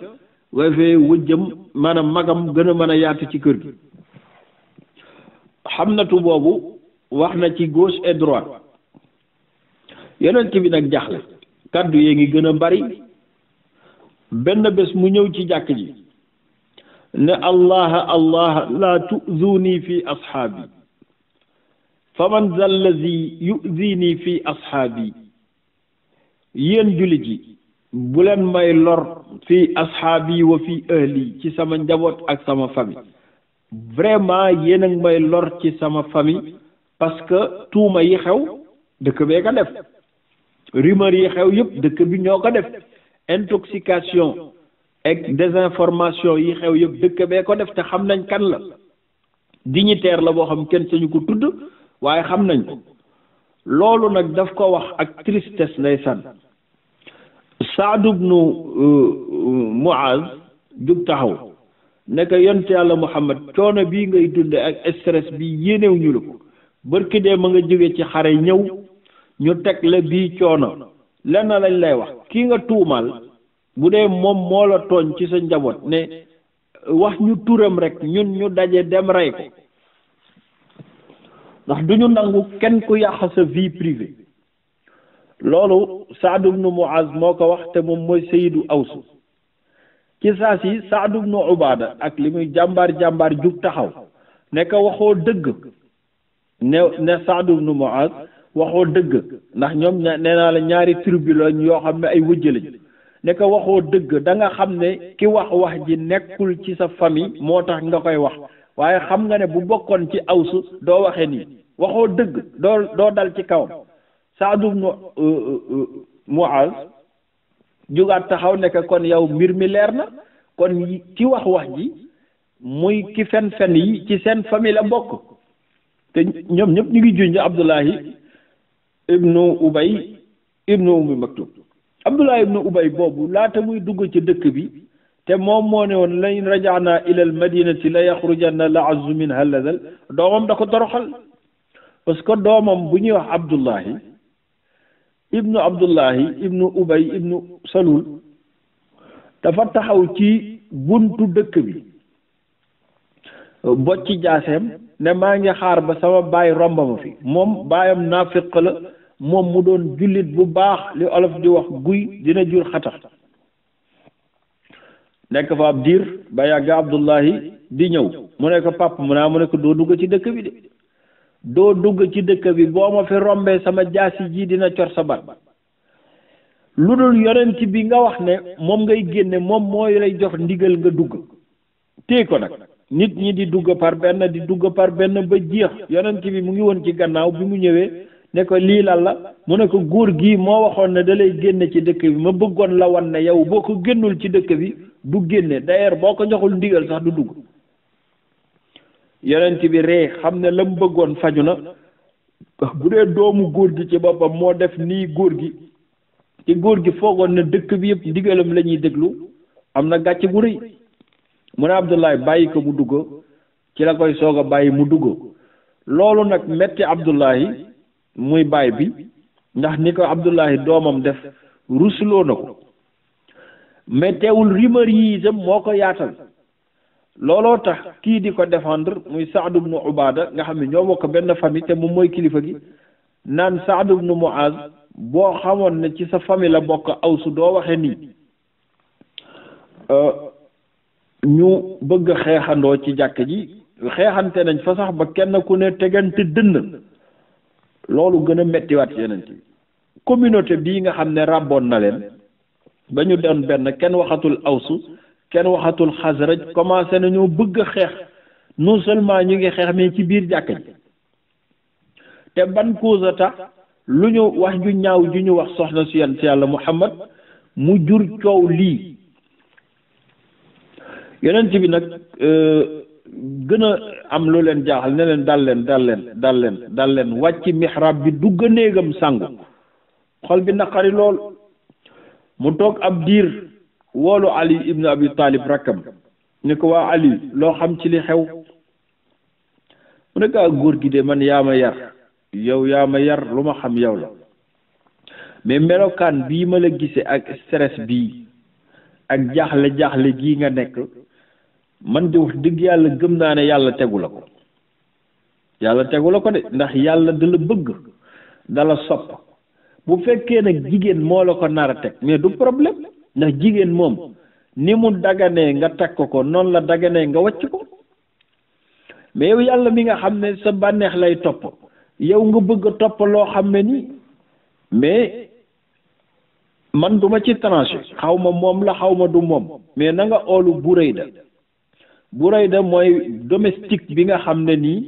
A: waaye fee wujjam maanaam magam gën a mën a yaatu ci kër gi xamnatu boobu wax na ci gauche edroit droite yonent bi nag jaxle kàddu yee ngi gën a bari benn bés mu ñëw ci jàkk ji ne allaha allaha laa tuzuni fi ashaabi fa man za allazi yuzini fi ashaabi yéen jullit yi bu leen may lor fi ashaabi wa fi ahli ci sama njaboot ak sama famille vraiment yéen a ngi may lor ci sama famille parce que tuuma yi xew dëkk bee ko def rumeur yi xew yëpp dëkk bi ñoo ko def intoxication ak désinformation yi xew yëpp dëkk bee ko def te xam nañ kan la dignitaire la boo xam kenn sañu ko tudd waaye xam nañ ko loolu nag daf ko wax ak tristesse lay san Saad ibnu euh, euh, Muaz jug taxaw naka yont yàlla muhammad coono bii ngay dunde ak stress bi yéenew ñu la ko barki dee ma nga jóge ci xare ñëw ñu teg la bii coono lenn lañ lay wax ki nga tuumaal bu dee moom moo la tooñ ci sa njaboot ne wax ñu turam rek ñun ñu daje dem rey ko ndax du ñu nangu kenn ku yàq sa vie privée loolu saadu ibn Muaz moo ko wax te moom mooy Sayyidu Aws ci saa si Saad ibn Ubaada ak li muy jàmbaar jàmbaar jug taxaw ne waxoo dëgg ne ne Saad ibn Muaz waxoo dëgg ndax ñoom ne naa la ñaari tribu yoo xam ne ay wujj lañ ne ko waxoo dëgg danga xam ne ki wax wax ji nekkul ci sa famille moo tax nga koy wax waaye xam nga ne bu bokkoon ci awsu doo waxee nii waxoo dëgg doo doo dal ci kawam Saad ibn uh, uh, uh, Muaz jugaat taxaw ne kon yow mbir mi leer na kon ki wax wax ji muy ki fen fen yi ci seen famille la bokk te ñoom ñëpp ñu ngi junj Abdullahi ibnu Ubay ibnu Ummi Maktum Abdullahi ibnu Ubay boobu laata muy dugg ci dëkk bi te moom moo ne woon lañ rajaana ilal madinati la yaxrujanna la azzu min haladal doomam da ko toroxal parce doomam bu ñuy wax Abdullahi ibnu abdullahi ibnu ubay ibnu salul dafa taxaw ci buntu dëkk bi ci jaaseem ne maa ngi xaar ba sama baay romb ma fi moom baayam naafiq la moom mu doon jullit bu baax li olof di wax guy dina jur xatax nekk fa ab diir ba yàgg abdullahi di ñëw mu ne ko pàpp mu naa mu ne ko doo dugg ci dëkk bi de doo dugg ci dëkk bi boo ma fi rombee sama jaasi ji dina cor sa bat lu dul yonent bi nga wax ne moom ngay génne moom mooy lay jox ndigal nga dugg téye ko nag nit ñi di dugg par benn di dugg par benn ba jeex yonent bi mu ngi woon ci gannaaw bi mu ñëwee ne ko lii lan la mu ne ko góor gii moo waxoon ne dalay lay génne ci dëkk bi ma bëggoon la wan ne yow boo ko génnul ci dëkk bi du génne d'ailleurs boo ko joxul ndigal sax du dugg yonent bi ree xam ne lam bëggoon faju na bu dee doomu góor gi ci boppam moo def nii góor gi ci góor gi foogoon na dëkk bi yëpp ndigalam lañuy ñuy déglu am na gàcc bu rëy mu ne Abdoulaye bàyyi ko mu dugg ci la koy soog a bàyyi mu dugg loolu nag metti Abdoulaye muy baay bi ndax ni ko Abdoulaye doomam def rusloo na ko mais teewul itam moo ko yaatal looloo tax kii di ko défendre muy Saad ibnu Ubaada nga xam ne ñoo bokk benn famille te moom mooy kilifa gi naan Saad ibnu boo xamoon na ci sa famille la bokk aw su doo waxee nii euh, ñu bëgg xeexandoo ci jàkk ji xeexante nañ fa sax ba kenn ku ne tegante dënn loolu gën a méttiwaat yenent bi communauté bii nga xam ne ràbboon na leen ba ñu doon benn kenn waxatul awsu kenn waxatul xasraj commencé nañoo bëgg a xeex non seulement ñu ngi xeex mais ci biir jàkk ji te ban cause lu ñu wax ju ñaaw ju ñu wax soxna si yan si yàlla muhammad mu jur coow lii yonent bi nag euh, gën a am lu leen jaaxal ne leen dal leen dal leen dal leen dal leen wàcc mihrab bi dugg néegam sàngu xol bi naqari lool mu toog ab diir woolu ali ibnu abi talib rakkam ni ko waa ali loo xam ci li xew mu ne góor gi de man yaa ma yar yow yaa ma yar lu ma xam yow la mais melokaan bii ma la gisee ak stress bii ak jaaxle jaaxle gii nga nekk man di wax dëgg yàlla gëm naa ne yàlla tegu la ko yàlla tegu la ko de ndax yàlla dala bëgg dala sopp bu fekkee nag jigéen moo la ko nar a teg mais du problème ndax jigéen moom ni mu daganee nga takk ko noonu la daganee nga wàcc ko mais yàlla mi nga xam ne sa bànneex lay topp yow nga bëgg a topp xam ne ni mais man duma ci tranché xaw ma moom la xaw ma du moom mais na nga oolu burayda burayda mooy domestique bi nga xam ne nii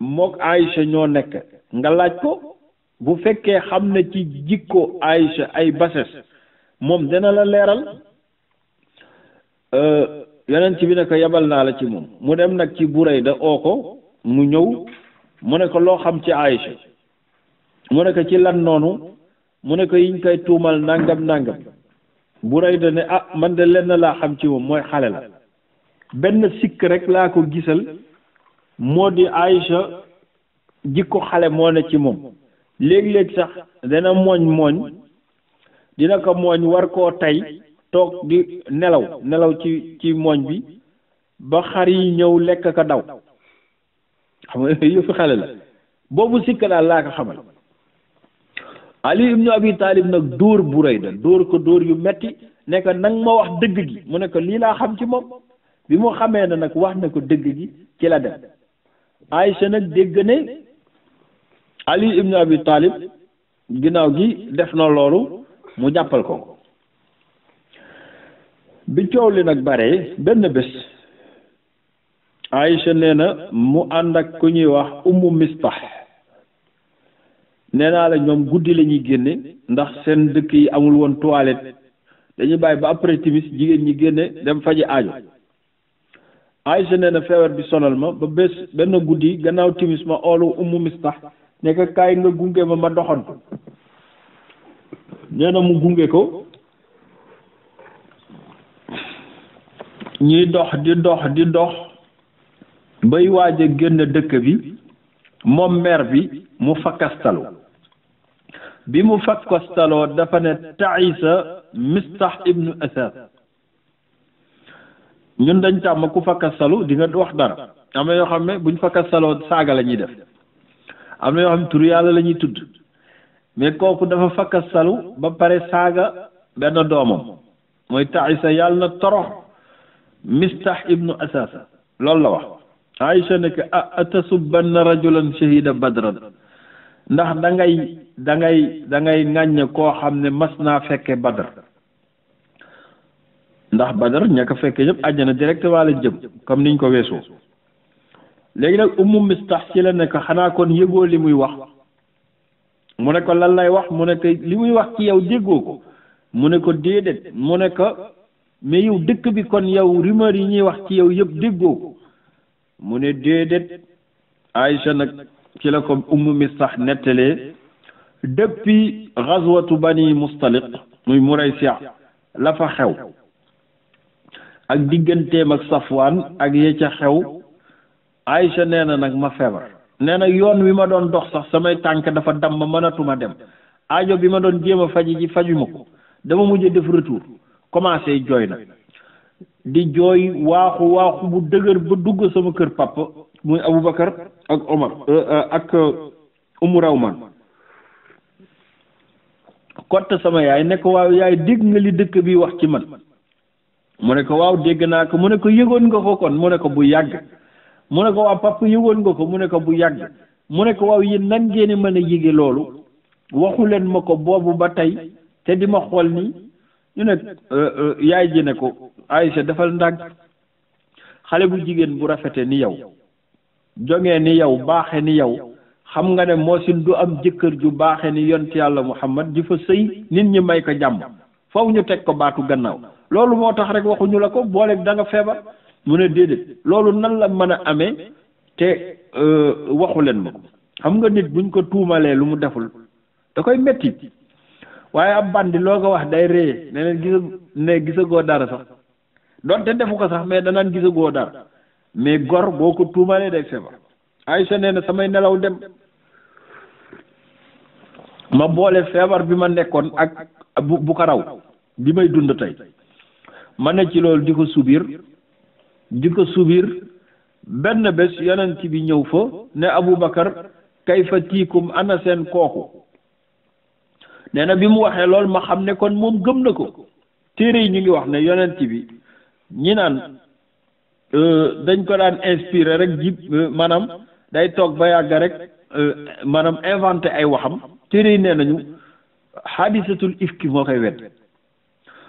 A: mook Aïcha ñoo nekk nga laaj ko bu fekkee xam ne ci jikko Aïcha ay bases moom dana la leeral euh, yonent bi ne ko yabal naa la ci moom mu dem nag ci Burayda oo ko mu ñëw mu ne ko loo xam ci Aïcha mu nekk ci lan noonu mu nekk ko yiñ koy tuumal ndàngam nangam Burayda ne ah man de lenn laa xam ci moom mooy xale la benn sikk rek laa ko gisal moo di Aïcha jikko xale moo ne ci moom léeg-léeg sax dana mooñ mooñ dina ko mooñ war koo tey toog di nelaw nelaw ci ci mooñ bi ba xar yi ñëw lekk ka daw xam nga [LAUGHS] yëfu xale la boobu sikka daal laa ko xamal ali ibnu abi taalib nag dóor bu rëy da dóor ko dóor yu metti nekk nag ma wax dëgg gi mu nekk lii laa xam ci moom bi mu xamee ne nag wax na ko dëgg gi ci la dem Aïcha nag dégg ne ali ibnu abi taalib ginnaaw gi def na loolu mu jàppal ko bi coow li nag bare benn bés Aïcha nee na mu ànd ak ku ñuy wax ummu mistah nee naa la ñoom guddi la ñuy génne ndax seen dëkk yi amul woon toilette dañuy bàyyi ba après timis jigéen ñi génne dem faji aajo Aïcha nee na feebar bi sonal ma ba bés benn guddi gannaaw timis ma oolu ummu mistah nekk kaay nga gunge ma ma doxantu nee mu gunge ko ñuy dox di dox di dox bay waaj a génn dëkk bi moom bi mu fakkastalu bi mu fakkastaloo dafa ne taisa mistax ibnu asad ñun dañ tàmm ku fakkastalu di nga wax dara am na yoo xam ne buñ fakkastaloo saaga la ñuy def am na yoo xam ne tur yàlla la tudd mais kooku dafa fakkastalu ba pare saaga benn doomam mooy taisa yàlla na torox mistah ibnu asasa loolu la wax aïcha ne que ah atasubanna rajulan shahida badran ndax da dangay da ngay da koo xam ne mas naa fekke badar ndax badar ña ko fekke ñëpp àjjana directement lañ jëm comme niñ ko weesoo léegi nag ummu mistah ci la ne xanaa kon yëgoo li muy wax mu ne ko lan lay wax mu ne ko li muy wax ci yow déggoo ko mu ne ko déedéet mu ne ko mais yow dëkk bi kon yow rumeur yi ñuy wax ci yow yëpp déggoo ko mu ne déedéet Aïcha nag ci la ko ummu mi sax nettalee depuis gazwatu bani mustaliq muy Muraysiya la fa xew ak digganteem ak Safwaan ak ya ca xew Aïcha nee na nag ma feebar nee na yoon wi ma doon dox sax samay tànk dafa damm mënatuma dem aajo bi ma doon jéem a faji ji fajuma ko dama mujj def retour commencé jooy na di jooy waaxu waaxu bu dëgër ba dugg sama kër papa muy Aboubacar ak Omar euh, ak euh, Umu Rawman kott sama yaay nekk ko waaw yaay dégg nga li dëkk bi wax ci man mu ne ko waaw dégg naa ko mu ne ko yëgoon nga ko kon mu ne ko bu yàgg mu ne ko waaw papa yëgoon nga ko mu ne ko bu yàgg mu ne ko waaw yéen nan ngeen mën a yëge loolu waxu leen ma ko boobu ba tey te di ma xool nii ñu ne euh, euh, yaay ji ne ko Aïcha defal ndànk xale bu jigéen bu rafete ni yow jongee ni yow baaxe ni yow xam nga ne moo moosin du am jëkkër ju baaxe ni yont yàlla muhammad di fa sëy nit ñi may ko jàmm faw ñu teg ko baatu gannaaw loolu moo tax rek waxuñu la ko booleeg da nga feebar mu ne déedéet loolu nan la mën a amee te euh, waxu leen ma ko xam nga nit buñ ko tuumalee lu mu deful da koy metti waaye ab bandi loo ko wax day rëy ne leen gisa ne gisagoo dara sax donte defu ko sax mais danaan gisagoo dara mais gor boo ko tuumalee day feebar Aysa nee samay nelaw dem ma boole feebar bi ma nekkoon ak bu bu ko raw bi may dund tey ma ne ci loolu di ko subir di ko subir benn bés yonent bi ñëw fa ne Aboubacar kayfa tiikum ana seen kooku nee na bi mu waxee lool ma xam ne kon moom gëm na ko téere yi ñu ngi wax ne yonent bi ñi naan euh, dañ ko daan inspiré rek ji euh, maanaam day toog ba yàgg rek euh, maanaam inventé ay waxam téere yi ne nañu xaadisatul ifki moo koy wet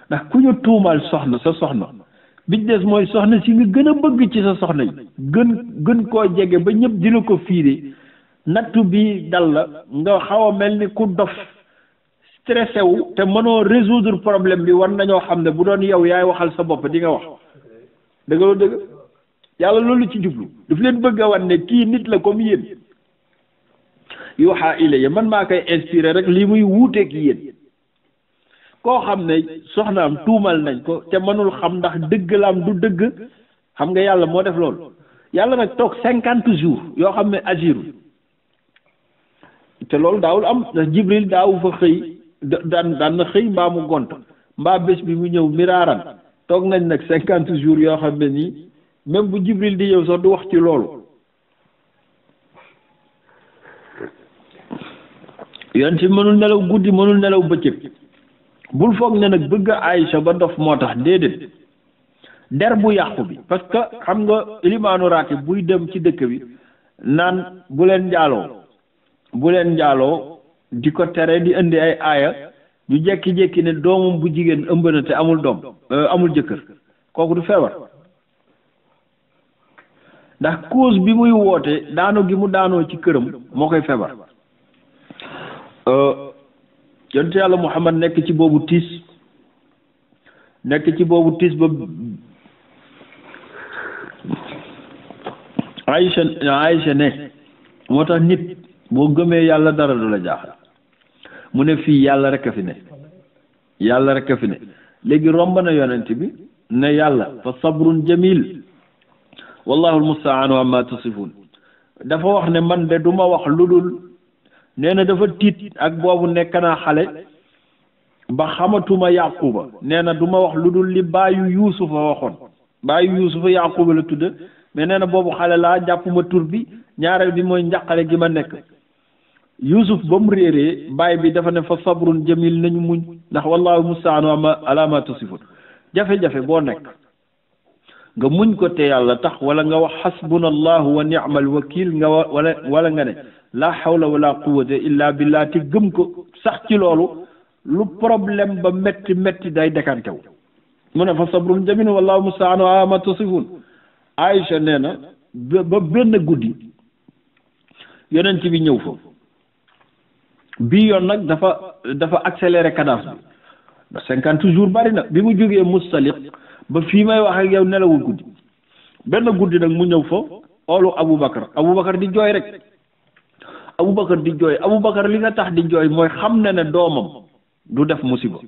A: ndax ku ñu tuumaal soxna sa soxna bi ci mooy soxna si nga gën a bëgg ci sa soxna yi gën gën koo jege ba ñëpp dina ko fiire nattu bi dal la nga xaw a mel ni ku dof stressé wu te mënoo résoudre problème bi war nañoo xam ne bu doon yow yaay waxal sa bopp di nga wax dëgg la dëgg yàlla loolu ci jublu daf leen bëgg a wan ne kii nit la comme yéen yu waxaa ile ya man maa koy inspiré rek lii muy wuuteeg yéen koo xam ne soxna am tuumal nañ ko te mënul xam ndax dëgg laam du dëgg xam nga yàlla moo def loolu yàlla nag toog cinquante jours yoo xam ne agiru te loolu daawul am ndax jibril daawu fa xëy daan daan na xëy mbaa mu gont mbaa bés bi mu ñëw miraaran toog nañ nag cinquante jours yoo xam ne nii même bu jibril di ñëw sax du wax ci loolu yoon si mënul nelaw guddi mënul nelaw bëccëg bul foog ne nag bëgg Aïcha ba dof moo tax déedéet der bu yàqu bi parce que xam nga limaanu raatib buy dem ci dëkk bi naan buleen leen njaaloo bu njaaloo di ko tere di indi ay aaya ñu jekki-jekki ne doomam bu jigéen ëmb te amul doom euh, amul jëkkër kooku du feebar ndax cause bi muy woote daano gi mu daanoo ci këram moo koy feebar euh, yonte yàlla Muhammad nekk ci boobu tiis nekk ci boobu tiis ba Aïcha ne moo tax nit boo gëmee yàlla dara du la jaaxal mu ne fii yàlla rek a fi ne yàlla rek a fi ne léegi romb na yonent bi ne yàlla fa sabrun jamil wallahu almustaanu amma tasifun dafa wax ne man de duma wax lu dul nee na dafa tiit ak boobu nekk naa xale ba xamatuma yàquba nee na du ma wax lu dul li baayu yuusufa waxoon baayu yuusufa yaquba la tudda mais nee na boobu xale laa jàppuma tur bi ñaareel bi mooy njàqare gi ma nekk yuusuf ba mu réeree baay bi dafa ne fa sabrun jamil nañu muñ ndax wallahu mustaanu ama alaama tasifun jafe-jafe boo nekk nga muñ ko te yàlla tax wala nga wax xasbuna allahu wa ni'mal wakil nga wala wala nga ne la hawla wala quwwata illa billah te gëm ko sax ci loolu lu problème ba métti metti day dekantew mu ne fa sabrun jamin wallahu musta'an ala ma tasifun nee na ba benn guddi yonent bi ñëw fa bii yoon nag dafa dafa accéléré cadence bi ba cinquante jours bari na bi mu jógee mustaliq ba fii may wax ak yow nelawul guddi benn guddi nag mu ñëw fa oolu Aboubacar bakar di jooy rek Aboubacar di jooy Aboubacar li nga tax di jooy mooy xam na ne doomam du def musiba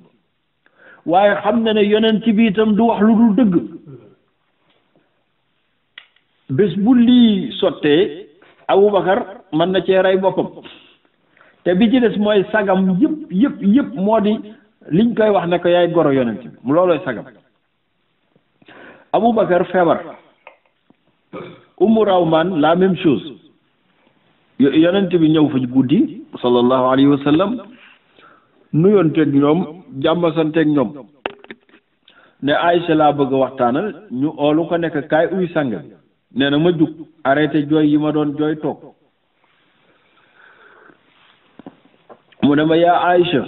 A: waaye xam na ne yonent bi itam du wax lu dul dëgg bés bu lii sottee Aboubacar mën na cee rey boppam te bi ci des mooy sagam yëpp yëpp yëpp moo di liñ koy wax nekk yaay goro yonent bi mu loolooy sagam Aboubacar feebar Umu Rawman la même chose yonent bi ñëw fa guddi sallallahu alayhi wa sallam ñoom jàmmasanteeg ñoom ne Aysa laa bëgg a waxtaanal ñu oolu ko nekk kaay uy sang nee na ma jug arrêté jooy yi ma doon jooy toog mu ne ma yaa Aysa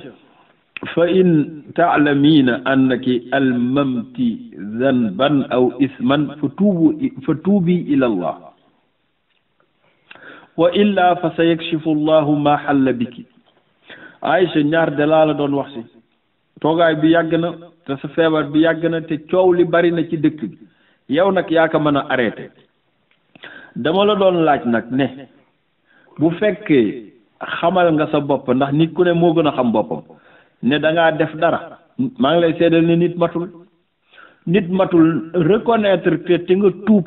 A: fa in taalamiina annaki almamti zanban aw isman fa tuubu fa tuubi ila allah wa illa fa sayakshifu llahu ma xalla biki Aïcha ñaar de laa la doon wax si toogaay bi yàgg na te sa feebar bi yàgg na te coow li bari na ci dëkk bi yow nag yaa ko mën a arrêté dama la doon laaj nag ne bu fekkee xamal nga sa bopp ndax nit ku ne moo gën a xam boppam ne da def dara maa ngi lay seedal ne nit matul nit matul reconnaître que te nga tuub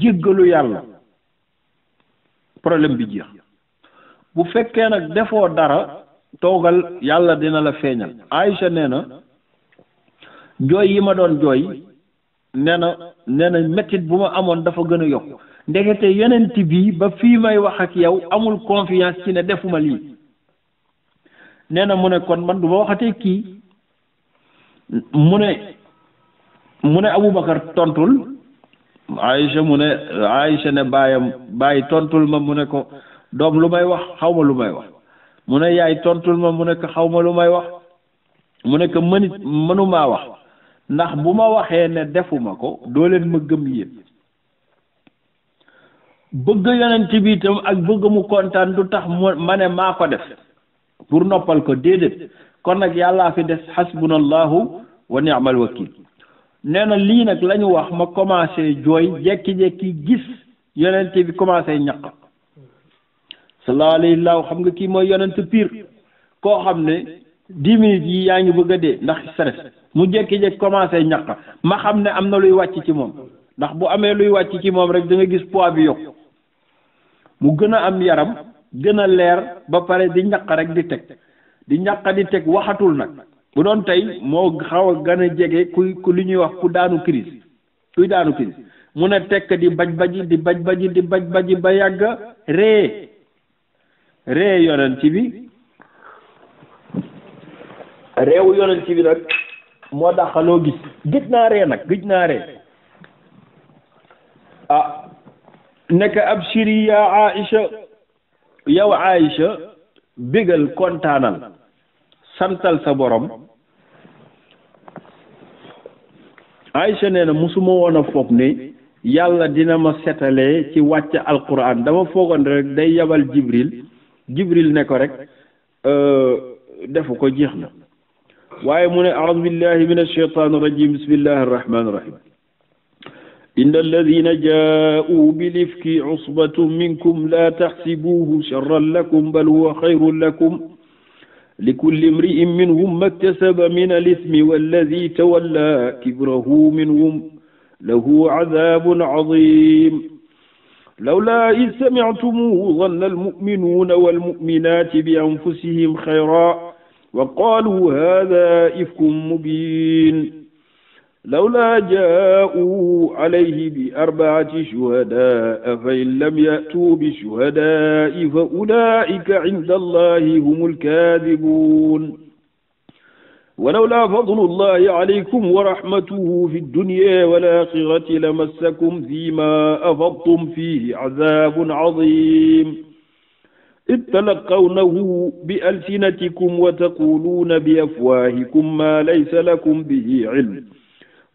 A: jéggalu yàlla problème bi jeex bu fekkee nag defoo dara toogal yàlla dina la feeñal Aïcha nee na jooy yi ma doon jooy nee na nee na mettit bu ma amoon dafa gën a yokk ndekete yonent bi ba fii may wax ak yow amul confiance ci ne defuma lii neena mu ne kon man du ma waxatee kii mu ne mu ne Aboubacar tontul Aïcha mu ne Aïcha ne baayam bàyyi tontul ma mu ne ko doom lu may wax xaw ma lu may wax mu ne yaay tontul ma mu ne ko xaw ma lu may wax mu ne ko mënit mënuma wax ndax bu ma waxee ne defuma ko doo leen ma gëm yéen bëgg yonent bi itam ak bëgg mu kontaan du tax ma ne maa ko def pour noppal ko déedéet kon nag yàllaa fi des xasbunallahu wa ni'mal wakil nee na lii nag la wax ma commencé jooy jekki-jekki gis yonent bi commencé ñaq sallallahu alayhi wa xam nga kii mooy yonent pire koo xam ne dix minutes yi yaa ngi bëgg a dee ndax stress mu jekki-jekki commencé ñaq ma xam ne am na luy wàcc ci moom ndax bu amee luy wàcc ci moom rek danga gis poids bi yokk mu gën a am yaram gën a leer ba pare di ñaq rek di teg di ñaq di teg waxatul nag bu doon tey moo xaw a gën a jege ku ku li ñuy wax ku daanu crise kuy daanu crise mu ne tekk di baj baji di baj baj ba yàgg ree ree yonent bi réewu yonent bi nag moo daxaloo gis gis naa ree nag gis naa ree ah nekk ab shiri ya Aïcha yow Aïcha bégal kontaanal santal sa borom Aïcha nee na mosuma woon a foog ne yàlla dina ma setalee ci wàcc alquran dama foogoon rek day yabal jibril jibril ne ko rek euh, defu ko jeex na waaye mu ne aoudu billahi min alshaitan irajim bismillahi arrahmani irrahim inna alladina jaa'u bil ifki usbatun minkum la taxsibuhu charran lakum bal huwa xayrun lakum likulli imri'in minhum maktasaba min al-ithmi wallazi tawalla kibrahu minhum lahu adhabun adhim lawlaa iz sami'tumuhu dhanna al-mu'minuuna wal-mu'minaatu bi anfusihim khayran wa qaaluu haadha ifkun mubiin lawlaa jaa'u alayhi bi arbaati shuhadaa fa in lam ya'tuu bi shuhadaa'i fa ulaa'ika inda allahi humul kaadibuun wa lawlaa fadlu llahi alaykum wa rahmatuhu fi dunyaa wal aaxirati lamassakum fiimaa afadtum fiihi azaabun aziim إذ تلقونه بألسنتكم وتقولون بأفواهكم ما ليس لكم به علم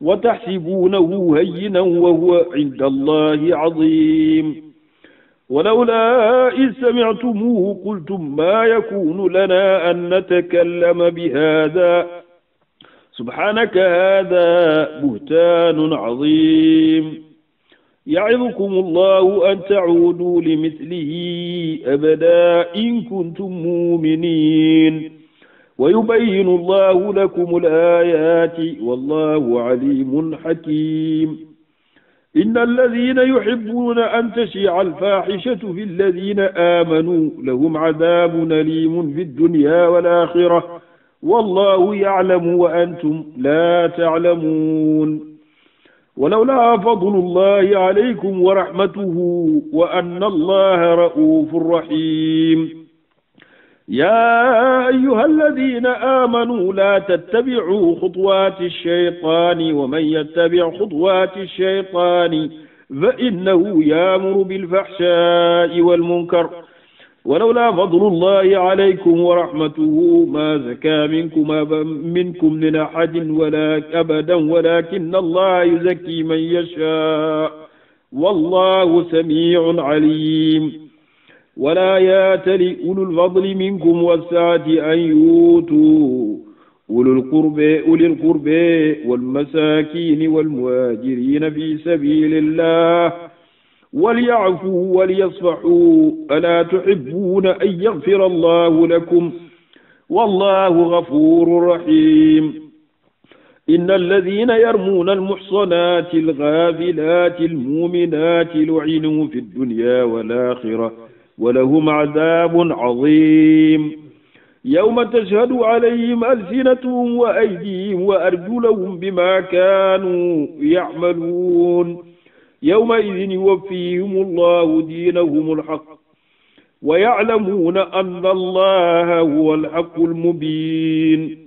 A: وتحسبونه هينا وهو عند الله عظيم ولولا إذ سمعتموه قلتم ما يكون لنا أن نتكلم بهذا سبحانك هذا بهتان عظيم يعظكم الله أن تعودوا لمثله أبدا إن كنتم مؤمنين ويبين الله لكم الآيات والله عليم حكيم إن الذين يحبون أن تشيع الفاحشة في الذين آمنوا لهم عذاب أليم في الدنيا والآخرة والله يعلم وأنتم لا تعلمون ولولا فضل الله عليكم ورحمته وأن الله رؤوف رحيم يا أيها الذين آمنوا لا تتبعوا خطوات الشيطان ومن يتبع خطوات الشيطان فإنه يأمر بالفحشاء والمنكر ولولا فضل الله عليكم ورحمته ما زكى منكم منكم من أحد ولا أبدا ولكن الله يزكي من يشاء والله سميع عليم ولا ياتل أولو الفضل منكم والسعة أن يؤتوا أولي القرب أولي القرب والمساكين والمهاجرين في سبيل الله وليعفوا وليصفحوا ألا تحبون أن يغفر الله لكم والله غفور رحيم إن الذين يرمون المحصنات الغافلات المؤمنات لعنوا في الدنيا والآخرة ولهم عذاب عظيم يوم تشهد عليهم ألسنتهم وأيديهم وأرجلهم بما كانوا يعملون يومئذ يوفيهم الله دينهم الحق ويعلمون أن الله هو الحق المبين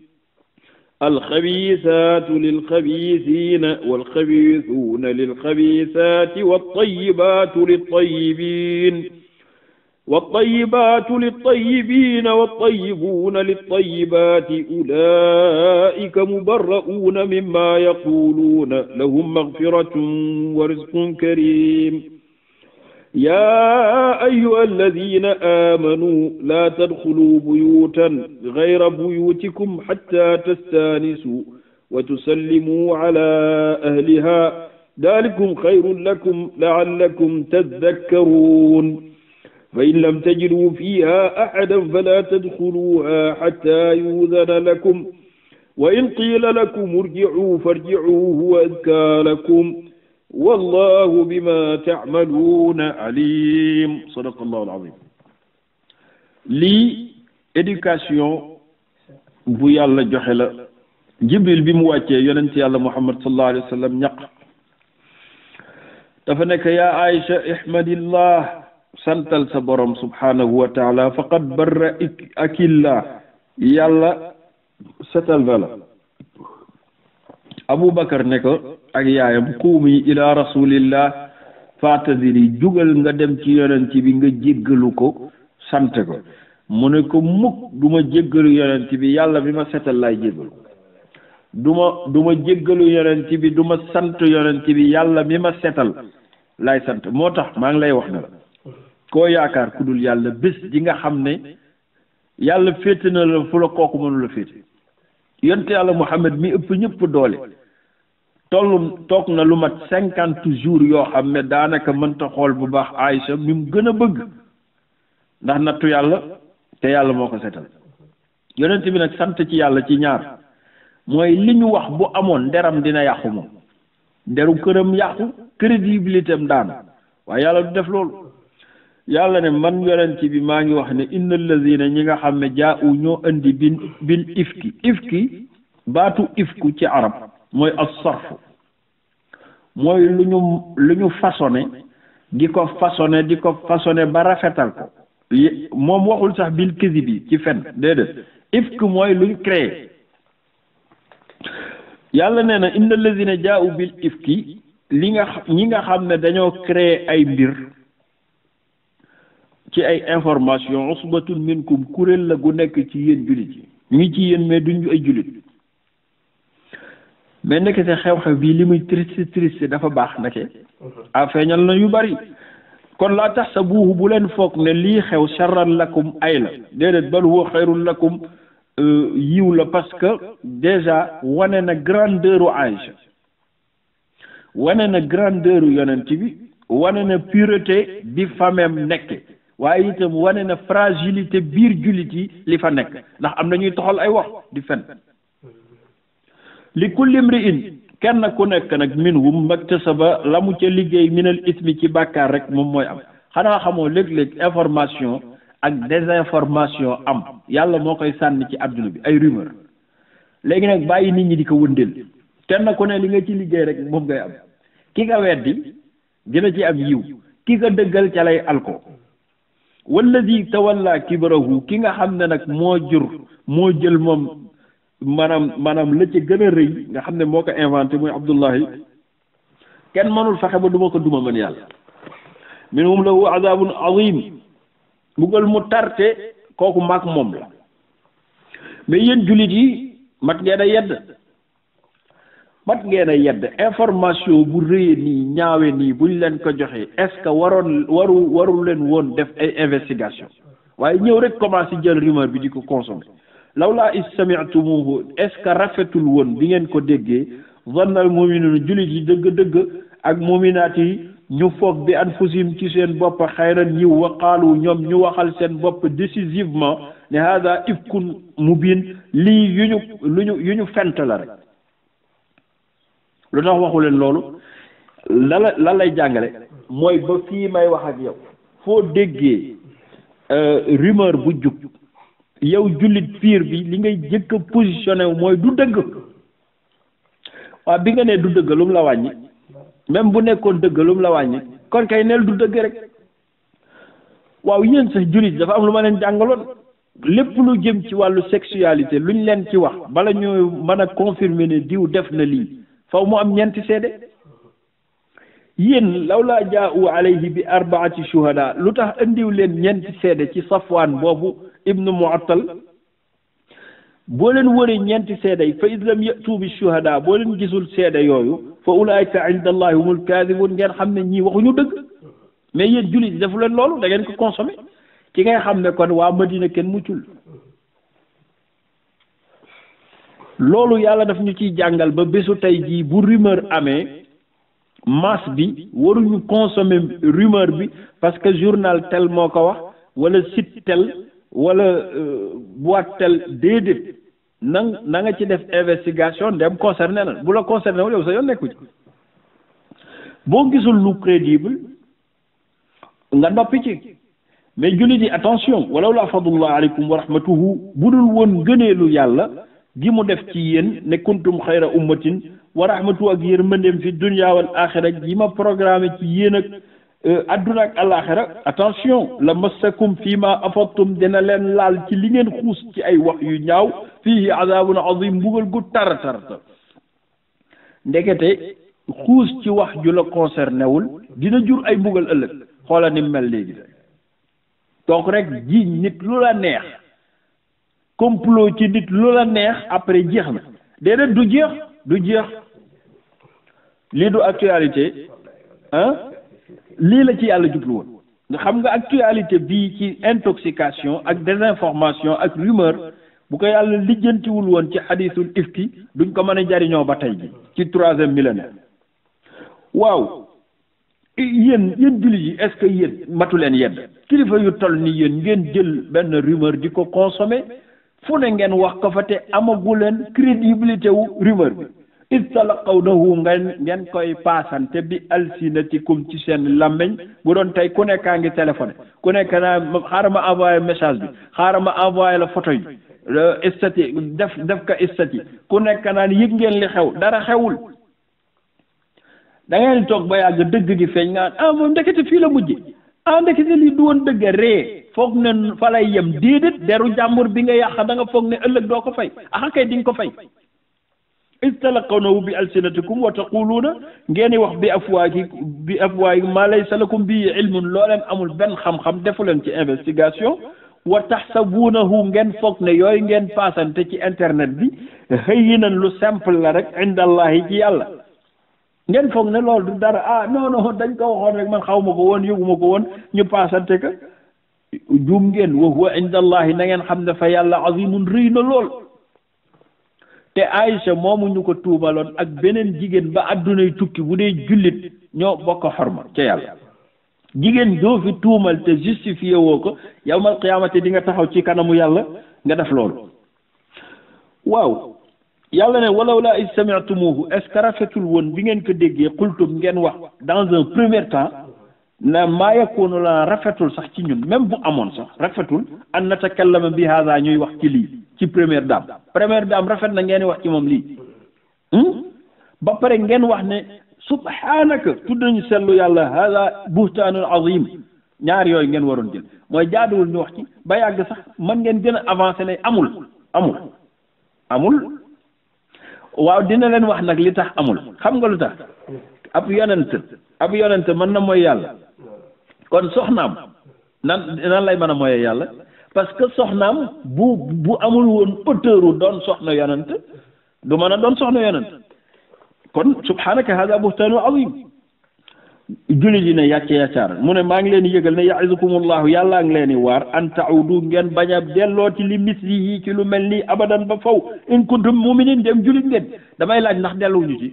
A: الخبيثات للخبيثين والخبيثون للخبيثات والطيبات للطيبين والطيبات للطيبين والطيبون للطيبات أولئك مبرؤون مما يقولون لهم مغفرة ورزق كريم يا أيها الذين آمنوا لا تدخلوا بيوتا غير بيوتكم حتى تستانسوا وتسلموا على أهلها ذلكم خير لكم لعلكم تذكرون فإن لم تجدوا فيها أحدا فلا تدخلوها حتى يؤذن لكم وإن قيل لكم ارجعوا فارجعوا هو أزكى لكم والله بما تعملون عليم صدق الله العظيم lii éducation bu yàlla joxe la jibril bi mu wàccee yonent yàlla muhammad sallallahu alayhi wa sallam ñaq dafa nekk yaa Aïcha ihmadillah santal sa borom subhanahu wa taala faqad barra akilla yàlla setal na la aboubacar ne ko ak yaayam quumi ila rasulillah fatadiri jógal nga dem ci yonent bi nga jéggalu ko sant ko mu ne ko mukk du jéggalu yonent bi yàlla bi ma setal laay jéggalu duma ma du ma jéggalu yonent bi du ma sant yonent bi yàlla bi ma setal laay sant moo tax maa ngi lay wax ne la koo yaakaar ku dul yàlla bés ji nga xam ne yàlla féete na la fu la kooku mënu la féete yàlla Muhammad mi ëpp ñëpp doole tollu toog na lu mat cinquante jours yoo xam ne daanaka mënta xool bu baax Aïcha mi mu gën a bëgg ndax nattu yàlla te yàlla moo ko setal yonent bi nag sant ci yàlla ci ñaar mooy li ñu wax bu amoon nderam dina yàqu moom nderu këram yàqu crédibilité am waaye yàlla du def loolu yàlla ne man yonent bi maa ngi wax ne inna allazina ñi nga xam ne jaa u ñoo indi bin bil ifki baatu ifku ci arab mooy as-sarf mooy lu ñu lu ñu façonné di ko façonné di ko façonné ba rafetal ko moom waxul sax bil kisi bi ci fen déedéet ifk mooy luñ créé yàlla ne na inna allazina jaa u bil ifki li nga ñi nga xam ne dañoo créer ay mbir ci ay information usbatun minkum kuréel la gu nekk ci yéen jullit yi ñu ngi ci yéen mais duñu ay jullit mais nekk te xew-xew bii li muy triste triste dafa baax ndeke mm-hmm. a ah, feeñal na yu bari kon laa tax sa buuxu bu leen foog ne lii xew charran lakum ay la déedéet bal huwa xayrun lakum euh, yiw la parce que déjà wane na grandeur u ange wane na grandeur u yonent bi wane na pureté bi famem nekk waaye itam wane na fragilité biir jullit yi li fa nekk ndax am na ñuy toxal ay wax di fen li kulli mri'in kenn ku nekk nag minhum maktasaba la mu ca liggéey minal ismi ci bàkkaar rek moom mooy am xanaa xamoo léeg-léeg information ak désinformation am yàlla moo koy sànni ci àdduna bi ay rumeur léegi nag bàyyi nit ñi di ko wëndeel kenn ku ne li nga ci liggéey rek moom ngay am ki nga weddi dina ci am yiw ki nga dëggal ca lay alko walladi tawalla kibrahu ki nga xam ne nag moo jur moo jël moom maanaam maanaam la ca gën a rëy nga xam ne moo ko inventé muy Abdullahi kenn mënul fexe ba duma ko duma man yàlla minhum lahu azabun azim buggal mu mu tarte kooku maag moom la mais yéen jullit yi mat ngeen a yedd mat ngeen a yedd information bu rëyee nii ñaawe nii buñ leen ko joxee est-ce que waroon waru waru leen woon def ay investigation waaye ñëw rek commencé jël rumeur bi di ko consommer lawlaa is sami'tumuhu est-ce que rafetul woon bi ngeen ko déggee zannal mu'minuna jullit yi dëgg-dëgg ak mu'minaat yi ñu foog bi anfusihim ci seen bopp xayran yiw wa qaalu ñoom ñu waxal seen bopp décisivement ne hada ifkun mubin lii yu ñu lu ñu yu ñu fent la rek lu tax waxu leen loolu lala lan lay jàngale mooy ba fii may wax ak yow foo déggee euh, rumeur bu jug yow jullit piir bi li ngay jëkk a mooy du dëgg waa bi nga ne du dëgg lu mu la wàññi même bu nekkoon dëgg lu mu la wàññi kon kay neel du dëgg rek waaw yéen sax jullit dafa am lu ma leen jàngaloon lépp lu jëm ci wàllu sexualité luñ leen ci wax bala ñu mën a confirmer ne diw def na lii faw mu am ñeenti seede yéen lawlaa jaa'u alayhi bi arbaati shuhada lu tax andiw leen ñeenti seede ci safwaan boobu ibnu muattal boo leen wëree ñeenti seede yi fa id lam yatu bi boo leen gisul seede yooyu fa ulaayika inda allahi humul kaadibuun ngeen xam ne ñii waxuñu dëgg mais yéen jullit defu leen loolu da ngeen ko consommé ci ngay xam ne kon waa madina kenn mu muccul loolu yàlla def ñu ciy jàngal ba bésu tey jii bu rumeur amee masse bi waruñu consommer rumeur bi parce que journal tel moo ko wax wala site tel wala euh, boîte tel déedéet na na nga ci def investigation dem concerné na bu la concerné wul yow sa yoon nekku ci boo gisul lu crédible nga dopp ci mais jullit yi attention walaw la fadlullah aleykum wa bu dul woon lu yàlla gi mu def ci yéen ne kuntum xayra ummatin wa rahmatu ak yërmandeem fi dunya wal axira gi ma programme ci yéen ak euh, adduna ak alaxira attention la massakum fii ma afattum dina leen laal ci li ngeen xuus ci ay wax yu ñaaw fiihi azabun azim mbugal gu tara tarata ndekete xuus ci wax ju la concerné wul dina jur ay mbugal ëllëg xoola ni mel léegi donc rek ji nit lu la neex complot ci nit lu la neex après jeex na déedéet du jeex du jeex lii du actualité ah lii la ci yàlla jublu woon nga xam nga actualité bii ci intoxication ak désinformation ak rumeur bu ko yàlla lijjantiwul woon ci xadisul ifki duñ ko mën a jariñoo ba tey ji ci troisième millénaire waaw yéen yéen jullit yi est que yéen matu leen yedd kilifa yu toll ni yéen ngeen jël benn rumeur di ko consommer fu ne ngeen wax ko fa te leen crédibilité wu river bi istalaqawnahu ngeen ngeen koy paasante bi alsinatikum ci seen làmmeñ bu doon tey ku nekkaa ngi téléphone ku nekk naa xaaral ma envoyé message bi xaaral ma envoyé la photo yi istati def def ko istati ku nekk naan yëg ngeen li xew dara xewul da ngeen toog ba yàgg dëgg gi feeñ nga ah moom fii la mujje ah ndekete lii du woon dëgg ree foog na fa lay yem déedéet deru jàmbur bi nga yàq da nga foog ne ëllëg doo ko fay axa kay di nga ko fay istalaqawnahu bi alsinatikum wa taquluuna ngeen wax bi afwaaji bi afwaaji maa laysa lakum bi ilmun loo leen amul benn xam-xam defu leen ci investigation wa taxsabuunahu ngeen foog na yooyu ngeen paasante ci internet bi hëyinan lu simple la rek indallahi ci yàlla ngeen foog ne loolu dara ah non non dañ ko waxoon rek man xaw ma ko woon yëguma ko woon ñu paasante ka juum ngeen wa huwa inda allahi ngeen xam ne fa yàlla azimun rëy na lool te Aïcha moomu ñu ko tuumaloon ak beneen jigéen ba addunay tukki bu dee jullit ñoo bokk xorma ca yàlla jigéen doo fi tuumal te justifié woo ko yawmal qiyaamati di nga taxaw ci kanamu yàlla nga def loolu waaw yàlla ne walaw laa is sami'tumuhu est ce que rafetul woon bi ngeen ko déggee xultum ngeen wax dans un premier temps na maa yakunu la rafetul sax ci ñun même bu amoon sax rafetul an natakallama bi hada ñuy wax ci lii ci première dame première dame rafet na ngeen wax ci moom lii hmm? ba pare ngeen wax ne subhaanaka tudd nañu sellu yàlla hada buhtaanun azim ñaar yooyu ngeen waroon jël mooy jaaduwul ñu wax ci ba yàgg sax man ngeen gën a avancé ne amul amul amul waaw dina leen wax nag li tax amul xam nga lu tax ab yonent ab yonent mën na mooy yàlla kon soxnaam nan nan lay mën a mooyee yàlla parce que soxnaam bu bu amul woon auteuru doon soxna yonent du mën a doon soxna yonent kon subhanaka hada buhtaanu azim jullit yi ne yàcce yàccaar mu ne maa ngi leen di yëgal ne ya'izukumullahu yàllaa ngi leen di waar an ta'udu ngeen bañ a delloo ci li misli yi ci lu mel nii abadan ba faw in kuntum mu'minin dem jullit ngeen damay laaj ndax delluwuñu ci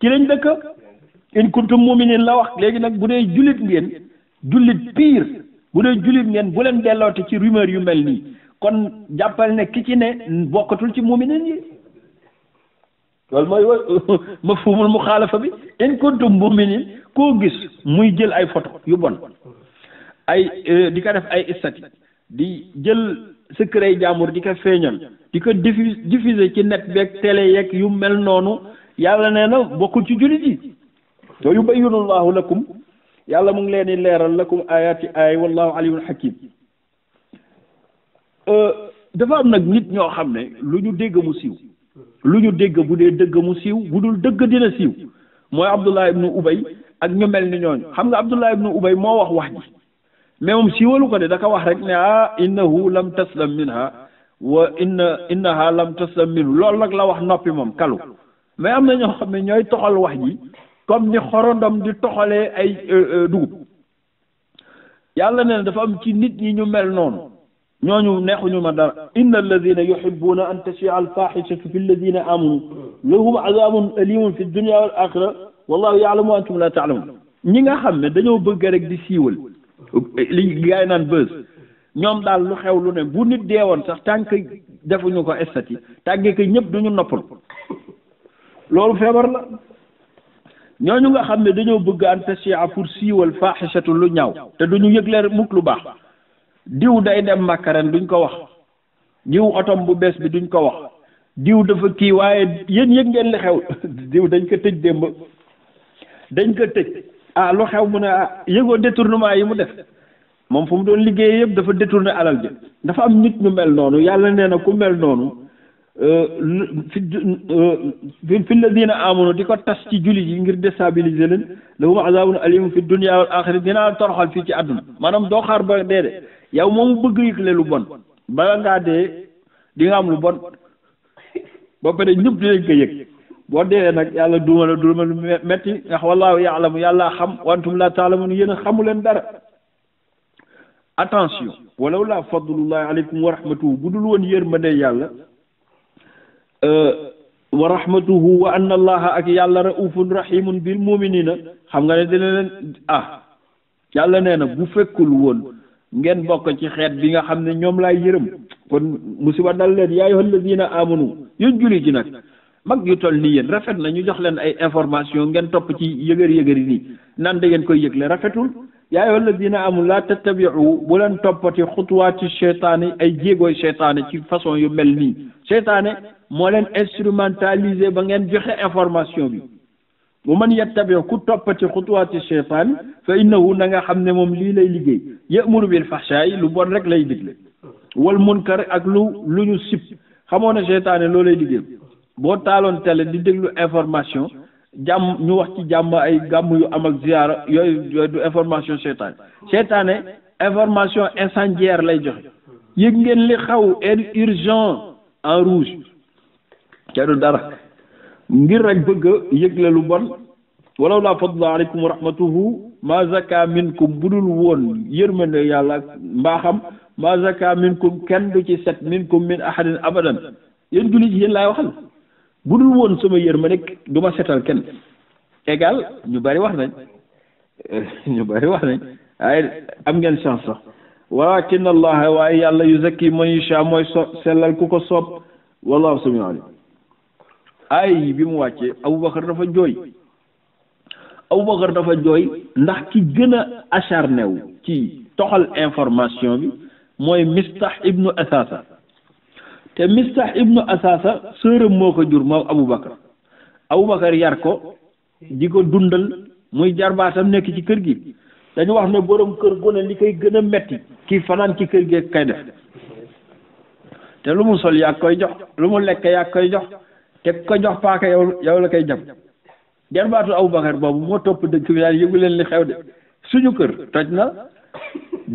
A: ci lañ dëkk in kuntum mu'minin la wax léegi nag bu dee jullit ngeen jullit pire bu dee jullit ngeen bu leen delloote ci rumeur yu mel nii kon jàppal ne ki ci ne bokkatul ci mu'minin yi loolu mooy [LAUGHS] ma fuumul mu xaalafa bi in kuntum muminin koo gis muy jël ay photo yu bon ay euh, di ko def ay istati di jël secret jaamur di ko feeñal di ko diffu diffuser ci net beeg télé yeeg yu mel noonu yàlla nee na bokkul ci jullit yi to yubayyinu llaahu lakum yàlla mu ngi leen di leeral lakum ayaati ay wallahu alimun hakim euh, dafa am nag nit ñoo xam ne lu ñu dégg mu siiw lu ñu dégg bu dee dëgg mu siiw bu dul dëgg dina siiw mooy Abdullah ibnu Ubay ak ñu mel ni ñooñu xam nga Abdullah ibnu Ubay moo wax wax ji mais moom siiwalu ko de da wax rek ne ah innahu lam taslam minha wa inna innaha lam taslam minhu loolu nag la wax noppi moom kalu mais am na ñoo xam ne ñooy toxal wax ji comme ni xorondom di toxalee ay euh, euh, dugub yàlla ne dafa am ci nit ñi ñu mel noonu ñooñu neexuñu ma dara inna alladina yuhibbuna an tashia alfaxishatu fi alladina amanu lahum azabun alimun fi dunia wal axira wallahu yaalamu wa antum la taalamun ñi nga xam ne dañoo bëgg rek di siiwal li gaa yi naan bës ñoom daal lu xew lu ne bu nit deewoon sax tànk defuñu ko estati tàggee ko ñëpp duñu noppal loolu feebar la ñooñu nga xam ne dañoo bëgg an tashia pour siiwal faxishatu lu ñaaw te duñu yëgle mukk lu baax diw day dem Makka ren duñ ko wax diw otoom bu bees bi duñ ko wax diw dafa kii waaye yéen yëg ngeen li xew [LAUGHS] diw dañ ko tëj démb dañ ko tëj ah lu xew mu ne ah yëgoo détournement yi mu def moom fu mu doon liggéey yëpp dafa détourné alal ji dafa am nit ñu mel noonu yàlla nee na ku mel noonu euh, fi euh, fi diina amanu di ko tas ci jullit yi ngir déstabiliser leen lahum azabun alim fi dunya wal axira dinaa toroxal fii ci àdduna maanaam doo xaar ba dee de yow moom bëgg yëgle lu bon bala ngaa dee di nga am lu bon ba pare ñëpp dinañ ko yëg boo dee nag yàlla duuma la duuma lu metti ndax wallaahu yaalamu yàlla xam wantum laa taalamun yéen a xamu leen dara attention walaw laa fadlullahi aleykum wa rahmatuhu bu dul woon yërmande yàlla euh, wa wa anna allaha ak yàlla raufun rahimun bil muminina xam nga ne dina leen ah yàlla nee na bu fekkul woon ngeen bokk ci xeet bi nga xam ne ñoom laay yërëm kon musiba dal leen yaay yaa ayyuhal lazina amanu yéen jullit yi nag mag yu toll nii yéen rafet na ñu jox leen ay information ngeen topp ci yëgër yëgër yi nii nan da ngeen koy yëgle rafetul yaa ayyuhal lazina amanu laa tattabiu bu leen toppati ci seytaane ay jéegooy seytaane ci façon yu mel nii seytaane moo leen instrumentalisé ba ngeen joxe information bi mu man yattabi ku toppati xutuwaati cheytaan fa innahu na nga xam ne moom lii lay liggéey ya'muru bil fahshaa'i lu bon rek lay dégle wal munkar ak lu lu ñu sib xamoon na cheytaane loo lay liggéey boo taaloon tele di déglu information jàmm ñu wax ci jàmm ay gàmm yu am ak ziyaara yooyu yooyu du information cheytaane cheytaane information incendiaire lay joxe yëg ngeen li xaw en urgent en rouge ca dara ngir rek bëgg a yëgle lu bon walaw laa fadla aleykum wa rahmatuhu ma zaka minkum budul woon yërmande yàlla mbaaxam ma zaka minkum kenn du ci set minkum min ahadin abadan yéen jullit yi yéen laay waxal budul woon sama yërmande du ma setal kenn égal ñu bari wax nañ [LAUGHS] ñu bari wax nañ waaye am ngeen chance sax walakin allah waaye yàlla yuzakki man yasha mooy so sellal ku ko soob wallahu samiu alim aay bi mu wàccee Aboubacar dafa jooy Aboubacar dafa jooy ndax ki gën a acharné ci toxal information bi mooy Mistah ibnu Asasa te Mistah ibnu Asasa sëram moo ko jur moom Aboubacar Aboubacar yar ko di ko dundal muy jarbaatam nekk ci kër gi dañu wax ne boroom kër gone li koy gën a metti kii fanaan ci kër gi kay def te lu mu sol yaa koy jox lu mu lekk yaa koy jox te ko jox paaka yow la koy jam jarbaatu Aboubacar boobu moo topp dëkk bi daal yëgu leen li xew de suñu kër toj na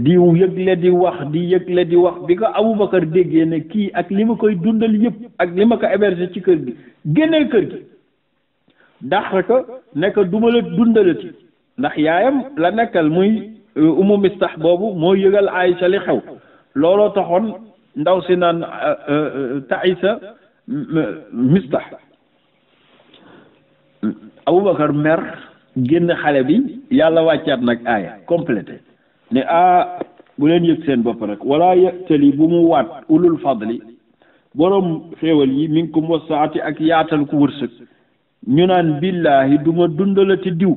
A: di yëgle di wax di yëgle di wax bi ko Aboubacar déggee kii ak li ma koy dundal yëpp ak li ma ko héberger ci kër gi génnee kër gi dàq ko ne ko duma dundalati ndax yaayam la nekkal muy umu euh, mistax boobu moo yëgal Aïcha li xew looloo taxoon ndaw si naan Taïsa euh, euh, Mistah Aboubacar mer génn xale bi yàlla wàccaat nag aaya complété ne ah bu leen yëg seen bopp nag wala yëgtali bu mu waat ulul fadli borom xéewal yi mi ngi ko wasaati ak yaatal ku wërsëg ñu naan billahi du ma dundalati diw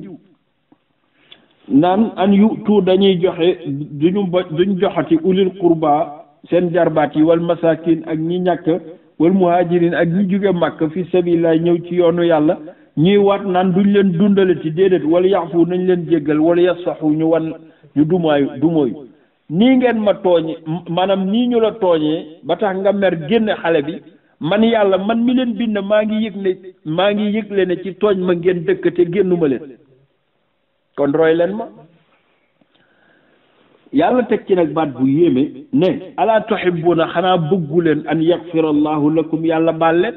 A: naan an yu tu dañuy joxe ñu ba duñ joxati ulil qurba seen jarbaat yi wal masakin ak ñi ñàkk wal muhajirin ak ñu jóge Makka fi laay ñëw ci yoonu yàlla ñuy waat naan duñ leen dundalati déedéet wala yaxfu nañ leen jéggal wala wu ñu wan ñu dumaayu dumooyu nii ngeen ma tooñ maanaam nii ñu la tooñee ba tax nga mer génn xale bi man yàlla man mi leen bind maa ngi yëg ne maa ngi yëgle ne ci tooñ ma ngeen dëkk te génnuma leen kon roy leen ma yàlla teg ci nag baat bu yéeme ne alaa tuhibbuuna xanaa bëggu leen an yaxfira allahu lakum yàlla baal leen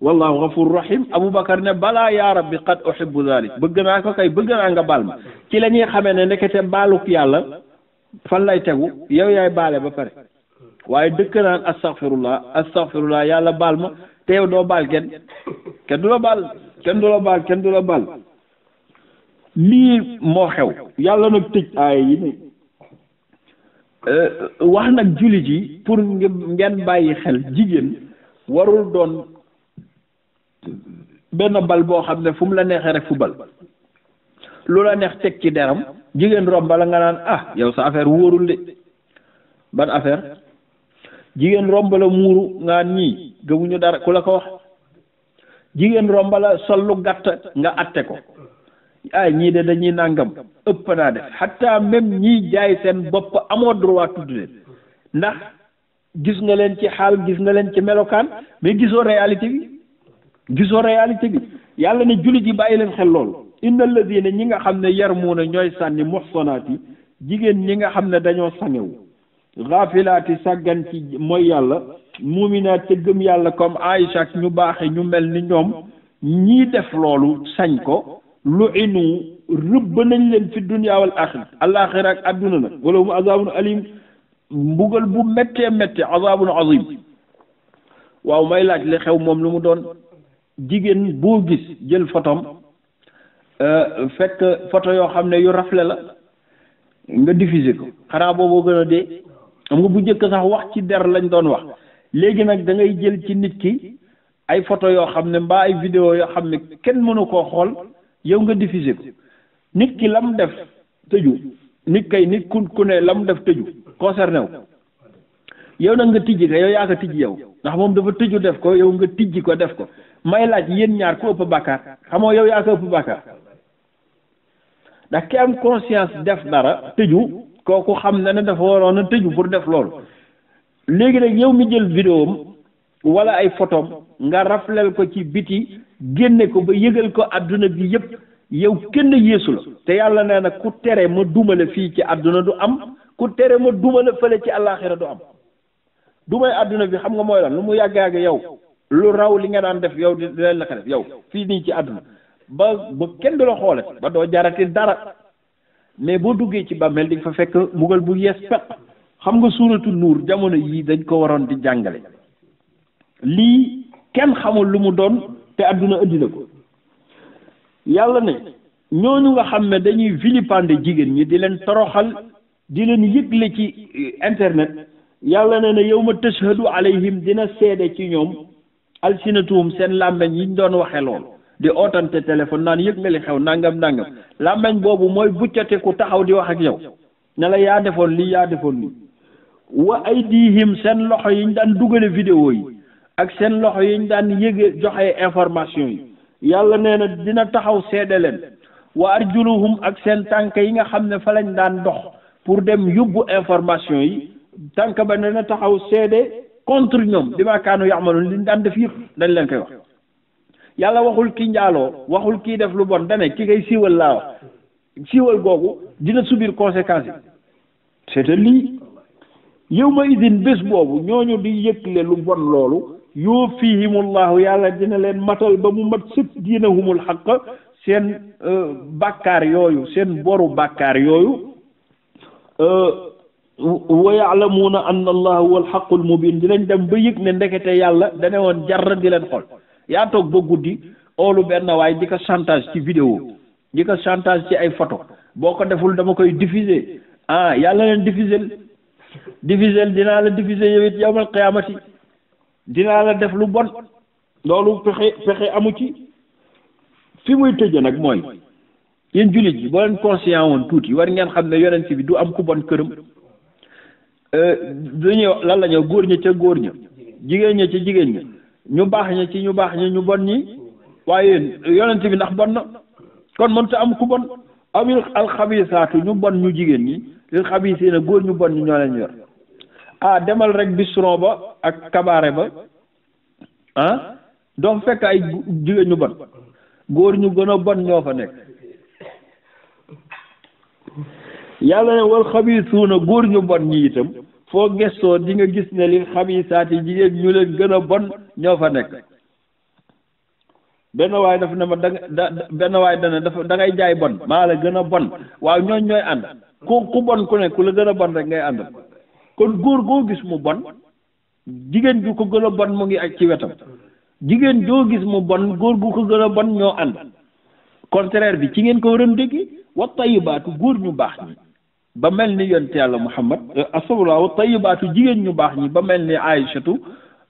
A: wallahu gafuur rahim aboubacar ne balaa yaa rabbi qad uhibbu dalik bëgg naa ko kay bëgg naa nga baal ma ci la ñuy xamee ne ndekete baaluk yàlla fan lay tegu yow yaay baale ba pare waaye dëkk naan astaghfirullah astaghfirullah yàlla baal ma te yow doo baal kenn kenn du la baal kenn du la baal kenn du la baal lii moo xew yàlla nag tëj aay yi ne euh, wax nag jullit yi pour ngeen bàyyi xel jigéen warul doon benn bal boo xam ne fu mu la neexee rek fu bal lu la neex teg ci deram jigéen rombala nga naan ah yow sa affaire wóorul de ban affaire jigéen romb la muuru nga ñii gëmuñu dara ku la ko wax jigéen romb sol lu gàtt nga atte ko ah ñii de dañuy nàngam ëpp naa def xataa même ñiy jaay seen bopp amoo droit tudd leen ndax gis nga leen ci xaal gis nga leen ci melokaan mais gisoo réalité bi gisoo réalité bi yàlla ne jullit yi bàyyi leen xel loolu inna alladina ñi nga xam ne yarmuuna ñooy sànni muxsanaat yi jigéen ñi nga xam ne dañoo sangewu xaafilaati sàggan mooy yàlla muuminaat ca gëm yàlla comme Aïcha ñu baax ñu mel ni ñoom ñii def loolu sañ ko lu'inu rëbb nañ leen fi dunya wal axira alaaxira ak adduna nag wala alim mbugal bu méttee méttee azabun azim waaw may laaj li xew moom lu mu doon jigéen boo gis jël photom euh, fekk photo yoo xam ne yu rafle la nga diffuser ko xanaa booboo gën a dee nga bu njëkk sax wax ci der lañ doon wax léegi nag dangay jël ci nit ki ay photo yoo xam ne mbaa ay vidéo yoo xam ne kenn mënu koo xool yow nga diffuser ko nit ki lam def tëju nit kay nit ku ku ne lam def tëju concerné wu yow nag nga tijji ko yow yaa ko tijji yow ndax moom dafa tëju def ko yow nga tijji ko def ko may laaj yéen ñaar ku ëpp bàkkaar xamoo yow yaa ko ëpp bàkkaar ndax ki am conscience def dara tëju kooku xam na ne dafa waroon a tëju pour def loolu léegi nag yow mi jël vidéo wala ay photom nga rafleel ko ci biti génne ko ba yëgal ko àdduna bi yëpp yow kenn yeesu la te yàlla nee na ku tere ma dumale fii ci àdduna du am ku tere ma dumale fële ci àllaaxira du am du àdduna bi xam nga mooy lan lu mu yàgg yàgg yow lu raw li nga daan def yow di leen la ko yow fii nii ci àdduna ba ba kenn du la xoole ba doo jarati dara mais boo duggee ci bàmmeel di fa fekk mbugal bu yees peq xam nga suuratul nuur jamono yii dañ ko waroon di jàngale lii kenn xamul lu mu doon te àdduna indi ko yàlla ne ñooñu nga xam ne dañuy vilipande jigéen ñi di leen toroxal di leen yëgle ci euh, internet yàlla ne ne yow ma tashhadu alayhim dina seede ci ñoom alsinatuhum seen làmmeñ yi ñu doon waxe lool di ootante téléphone naan yëg nga li xew nangam nangam làmbañ boobu mooy buccate ku taxaw di wax ak yow ne la yaa defoon lii yaa defoon lii wa aydihim seen loxo yi ñu daan dugale vidéo yi ak seen loxo yi ñu daan yëge joxe information yi yàlla nee na dina taxaw seede leen wa arjuluhum ak seen tànk yi nga xam ne fa lañ daan dox pour dem yóbbu information yi tànk ba dina taxaw seede contre ñoom bi ma kaanu ya'malun liñ daan def yëpp dañ leen koy wax yàlla waxul ki njaaloo waxul kii def lu bon dane ki kay siiwal laa wax googu dina subir conséquences yi c'est lii yow ma idin bés boobu ñooñu di yëkkale lu bon loolu yuufihimullahu yàlla dina leen matal ba mu mat sëpp diinahumul xaq seen euh, bàkkaar yooyu seen boru bàkkaar yooyu euh, wa yaalamuuna anna allah huwa alxaqul mubin dinañ dem ba yëg ne ndekete yàlla dane woon jarra di leen xool yaa toog ba guddi oolu benn waay di chantage ci vidéo di ko chantage ci ay photo boo ko deful dama koy diffuser ah yàlla leen diffuser diffuser dinaa la diffuser yow it yowmal qiyaamati dinaa la def lu bon loolu pexe pexe amu ci fi muy tëje nag mooy yéen jullit bi boo leen conscient woon tuuti war ngeen xam ne yonent bi du am ku bon këram euh, dañuy lan la ñu góor ña ca góor ña jigéen ña ca jigéen ña ñu baax ña ci ñu baax ña ñu bon ñi waaye yonent bi ndax bon na kon mënta am ku bon amul alxabisaatu ñu bon ñu jigéen ñi lil xabisiina góor ñu bon ñu ñoo leen yor ah demal rek bistron ba ak kabaare ba ah fekk ay jigéen ñu bon góor ñu gën a bon ñoo fa nekk yàlla ne wal xabiisuuna góor ñu bon ñi itam foo gestoo di nga gis ne li xabiisaati jigéen ñu leen gën a bon ñoo fa nekk benn waay dafa ne ma da da benn waay dana dafa da ngay jaay bon maa la gën a bon waaw ñooñ ñooy ànd ku ku bon ku ne ku la gën a bon rek ngay ànd kon góor goo gis mu bon jigéen ju ko gën a bon mu ngi ak ci wetam jigéen joo gis mu bon góor gu ko gën a bon ñoo ànd contraire bi ci ngeen ko waroon dégg wa tayibaatu góor ñu baax ñi ba mel ni yonte yàlla muhammad euh, astafurlah wa tayibaatu jigéen ñu baax ñi ba mel ni aïchatu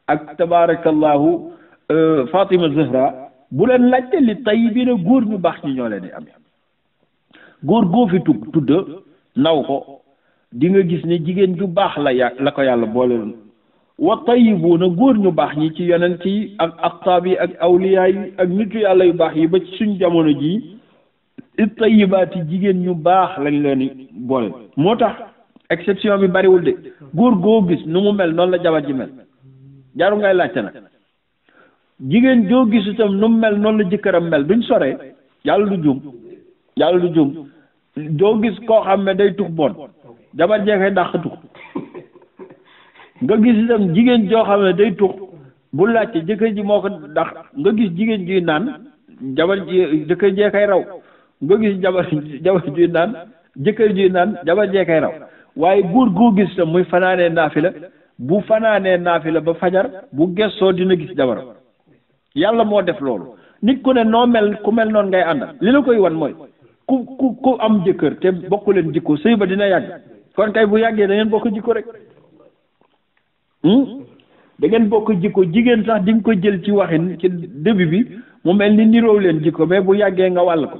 A: ak tabarakallahu euh, fatima zahra bu leen laajte li tayibiina góor ñu baax ñi ñoo leen di am góor goo fi tugg tudd naw ko di nga gis ni jigéen ju baax la ya la ko yàlla booleloon wa na góor ñu baax ñi ci yonent yi ak aqtaab yi ak awliyaa yi ak nit nitu yàlla yu baax yi ba ci suñ jamono jii it tayibaat yi jigéen ñu baax lañ leen boole moo tax exception bi bariwul de góor goo gis nu mu mel noonu la jabar ji mel jaru ngay laajte nag jigéen joo gis itam nu mu mel noonu la jëkkëram mel duñ sore yàlla du jum yàlla du jum doo gis koo xam ne day tux bon jabar jee koy dàq tux nga gis itam jigéen joo xam ne day tux bu laajte jëkkër ji moo ko dàq nga gis jigéen juy naan jabar ji jëkkër jee koy raw nga gis jabar juy naan jëkkër juy naan jabar jee koy raw waaye góor goo gis itam muy fanaanee la bu fanaanee la ba fajar bu gessoo dina gis jabaram yàlla moo def loolu nit ku ne noo mel ku mel noon ngay àndal li la koy wan mooy ku ku ku am jëkkër te bokku leen jikko sëy ba dina yàgg kon kay bu yàggee da ngeen bokk jikko rek hmm? da ngeen bokk jikko jigéen sax di nga ko jël ci waxin ci début bi mu mel ni niroow leen jikko mais bu yàggee nga wàll ko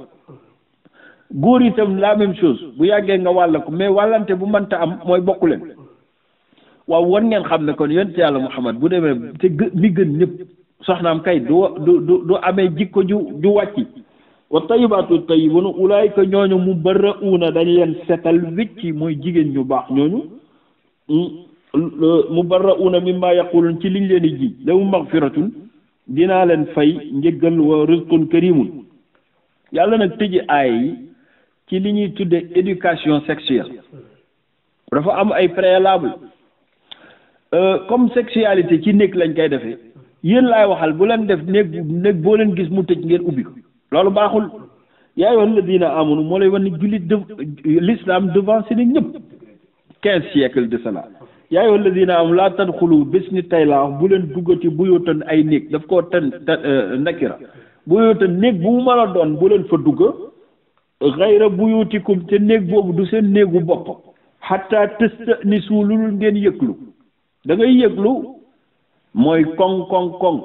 A: góor itam la même chose bu yàggee nga wàll ko mais wàllante bu mënta am mooy bokku leen waaw wan ngeen xam ne kon yonent yàlla Muhammad bu demee te mi gën ñëpp soxnaam kay du du du amee jikko ju ju wàcci wa tayibaatu tayibuna ulaayika ñooñu mu na dañ leen setal wicci mooy jigéen ñu baax ñooñu mm, mu barra'uuna mimma yaquluun ci liñ leen di ji lahum magfiratun dinaa leen fay njëggal wa rizqun karimun yàlla nag tëji aay yi ci li ñuy tudde éducation sexuelle dafa am ay préalable euh, comme sexualité ci néeg lañ koy defee yéen laay waxal bu leen def néeg néeg boo leen gis mu tëj ngeen ubbi loolu baaxul yaa ayyuhal ladina amanu moo lay wan ni jullit de l'islam devancé na ñëpp quinze siècles de cela yaa ayyuhal ladina amanu laa tadxulu bés ni tey laa bu leen duggati buyutan ay néeg daf ko ten euh, nakira buyutan néeg bu mu mën a doon bu leen fa dugg xayra buyutikum te néeg boobu du seen néegu bopp xataa lu lulul ngeen yëglu da ngay yëglu mooy koŋ koŋ koŋ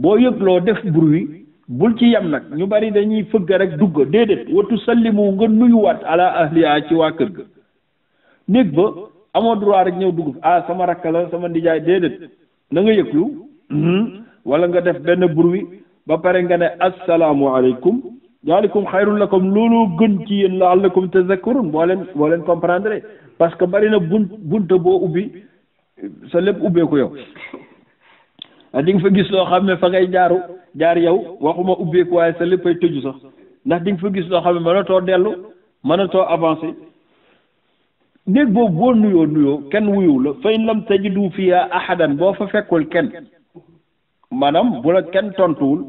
A: boo yëgloo def bruit bul ci yem nag ñu bari dañuy fëgg rek dugg déedéet watu sallimu nga nuyuwaat ala ahliya ci waa kër ga néeg ba amoo droit rek ñëw dugg ah sama rakk la sama ndijaay déedéet na nga yëglu hmm? wala nga def benn bruit ba pare nga ne asalaamualeykum daalikum xayrun lakum looloo gën ci yéen laallakum tazakkarun boo leen boo leen comprendre parce que bari na bunt bunta boo ubbi sa lépp ubbeeku yow di nga fa gis loo xam ne fa ngay jaaru jaar yow waxuma ubbeeku waaye sa léppay tëju sax ndax di nga fa gis loo xam ne mënatoo dellu mënatoo avancé néeg boobu boo nuyoo nuyoo kenn wuyu la fa in du tajidu fiha ahadan boo fa fekkul kenn maanaam bu la kenn tontuwul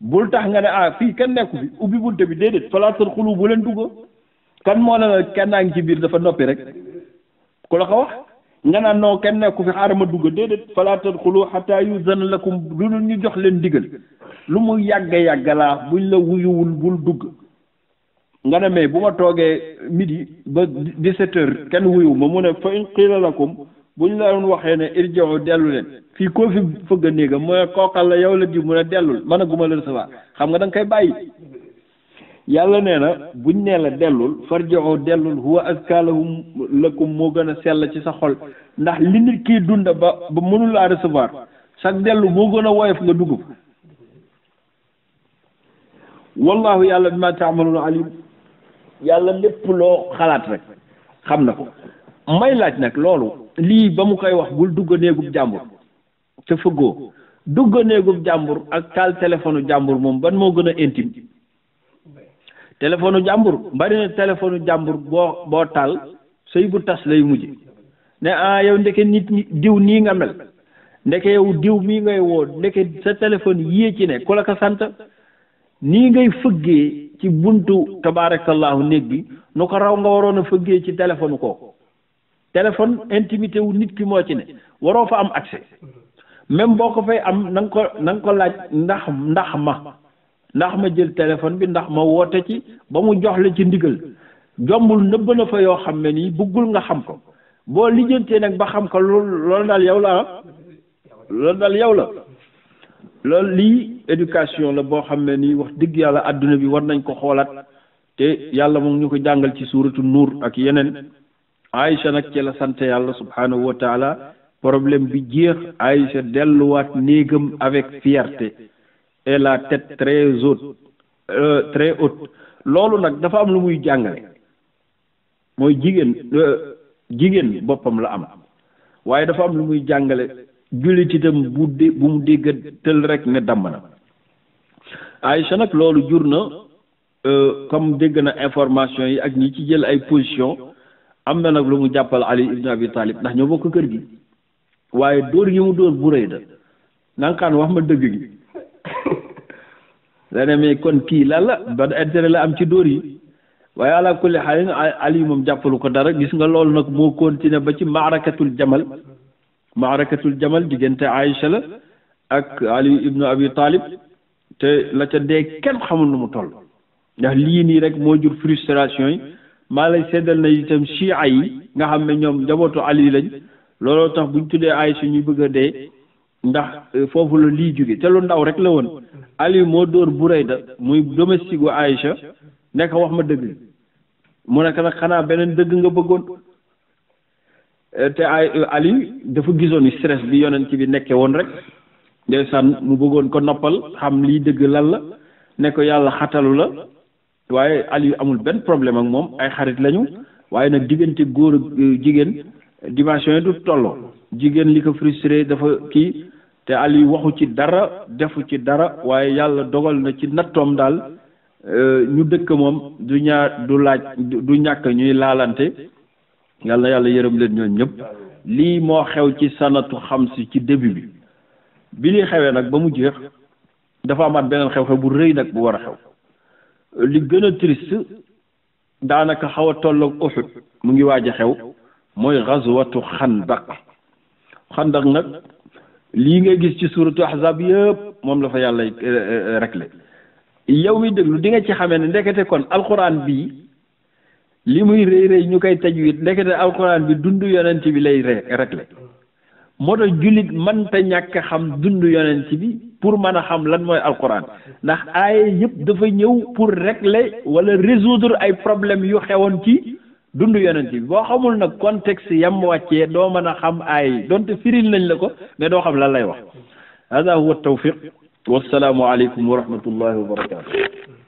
A: bul tax nga ne ah fii kenn nekku fi ubbi bunte bi déedéet falaa tadxulu bu leen dugg kan moo ne la kenn naa ngi ci biir dafa noppi rek ku la ko wax nga naan non kenn nekku fi xaaral ma dugg déedéet falaa tadxulu xataa yuzana lakum lu dul ñu jox leen digal lu mu yàgga yàgga laa buñ la wuyuwul bul dugg nga ne may bu ma toogee midi ba di heures kenn wuyu ma mu ne fa in qiila lakum ñu la doon waxee ne irji'u dellu leen fii koo fi fëgg a néegam mu kookal la yow la di mu ne dellul mën a guma la recevoir xam nga da nga koy bàyyi yàlla nee na buñ nee la dellul farji'u dellul huwa ak lahum lakum moo gën a sell ci sa xol ndax li nit kii dund ba ba mënul laa recevoir sax dellu boo gën a woyof nga dugg wallahu yàlla bima ta'maluna alim yàlla lépp loo xalaat rek xam na ko may laaj nag loolu lii ba mu koy wax bul dugg néegub jàmbur te fëggoo dugg néegub jàmbur ak kaal téléphone jàmbur moom ban moo gën a intime téléphone jàmbur bari na téléphone jàmbur boo boo taal sëy bu tas lay mujj ne ah yow ndeke nit diw nii nga mel ndeke yow diw mii ngay woo ndeke sa téléphone yii ci ne ku la ko sant nii ngay fëggee ci buntu tabarakallahu néeg bi nu ko raw nga waroon a fëggee ci téléphone kooku téléphone intimité wu nit ki moo ci ne waroo fa am accès même boo ko fay am na ko na ko laaj ndax ndax ma ndax ma jël téléphone bi ndax ma woote ci ba mu jox la ci ndigal jombul nëbb na fa yoo xam ne nii buggul nga xam ko boo lijjantee nag ba xam ko loolu daal yow la ah. loolu daal yow la loolu lii éducation la boo xam ne nii wax dëgg yàlla àdduna bi war nañ ko xoolaat te yàlla moom ñu ko jàngal ci suuratu nuur ak yeneen Aïcha nag ci la sant yàlla subhaanahu wa taala problème bi jeex Aïcha delluwaat néegam avec fierté et la tête très haute euh, très haute loolu nag dafa am lu muy jàngale mooy jigéen euh, jigéen boppam la am waaye dafa am lu muy jàngale jullit itam bu dé bu mu déggatal rek ne damm na Aïcha nag loolu jur na euh, comme dégg na information yi ak ñi ci jël ay position am na nag lu mu jàppal Ali ibn Abi Talib ndax ñoo bokk kër gi waaye dóor gi mu dóor bu rëy da nankaan wax ma dëgg gi dane [LAUGHS] kon kii la ban intérêt la am ci dóor yi waaye ala kulli xaalin Aliou moom jàppalu ko dara gis nga loolu nag moo continué ba ci maarakatul jamal maarakatul jamal diggante Aïcha la ak Aliou ibnu Abi Talib te la ca dee kenn xamul nu mu toll ndax lii nii rek moo jur frustration yi maa lay seddal na itam chia yi nga xam ne ñoom njabootu Ali lañ looloo tax buñ tuddee Aïcha ñuy bëgg a dee ndax euh, foofu la lii jóge te lu ndaw rek la woon Aliou moo dóor bu da muy domestique wa Aïcha nekk wax ma dëgg mu nekk nag xanaa beneen dëgg nga bëggoon euh, te ay euh, Aliou dafa gisoon stress bi yonent bi nekkee woon rek sa mu bëggoon ko noppal xam lii dëgg lan la ne yàlla xatalu la waaye Aliou amul benn problème ak moom ay xarit lañu waaye nag diggante góor ak jigéen dimension yi du tolloo jigéen li ko frustré dafa kii te Ali waxu ci dara defu ci dara waaye yàlla dogal na ci nattoom daal euh, ñu dëkk moom du ñaar du laaj du ñàkk ñuy laalante yàlla na yàlla yërëm leen ñoom ñëpp lii moo xew ci sanatu xam si ci début bi bi li xewee nag ba mu jeex dafa amaat beneen xew-xew bu rëy nag bu war a xew li gën a daanaka xaw a tolloog Uhud mu ngi waaj a xew mooy gazwatu xandaq xandak nag lii nga gis ci suuratu ahzab yëpp moom la fa yàlla eh, eh, réglé yow mi déglu di nga ci xamee ne ndekete kon alxuraan bi li muy rëy rëy ñu koy tajwid ndekete alxuraan bi dund yonent bi lay réglé moo tax jullit mënta ñàkk xam dund yonent bi pour mën a xam lan mooy alxuraan ndax aaye yëpp dafa ñëw pour régler wala résoudre ay problème yu xewoon ci dund yonent bi boo xamul nag contexte yam wàccee doo mën a xam ay donte firil nañ la ko mais doo xam lan lay wax hada huwa tawfiq wassalaamu aleykum wa rahmatullahi wa barakatu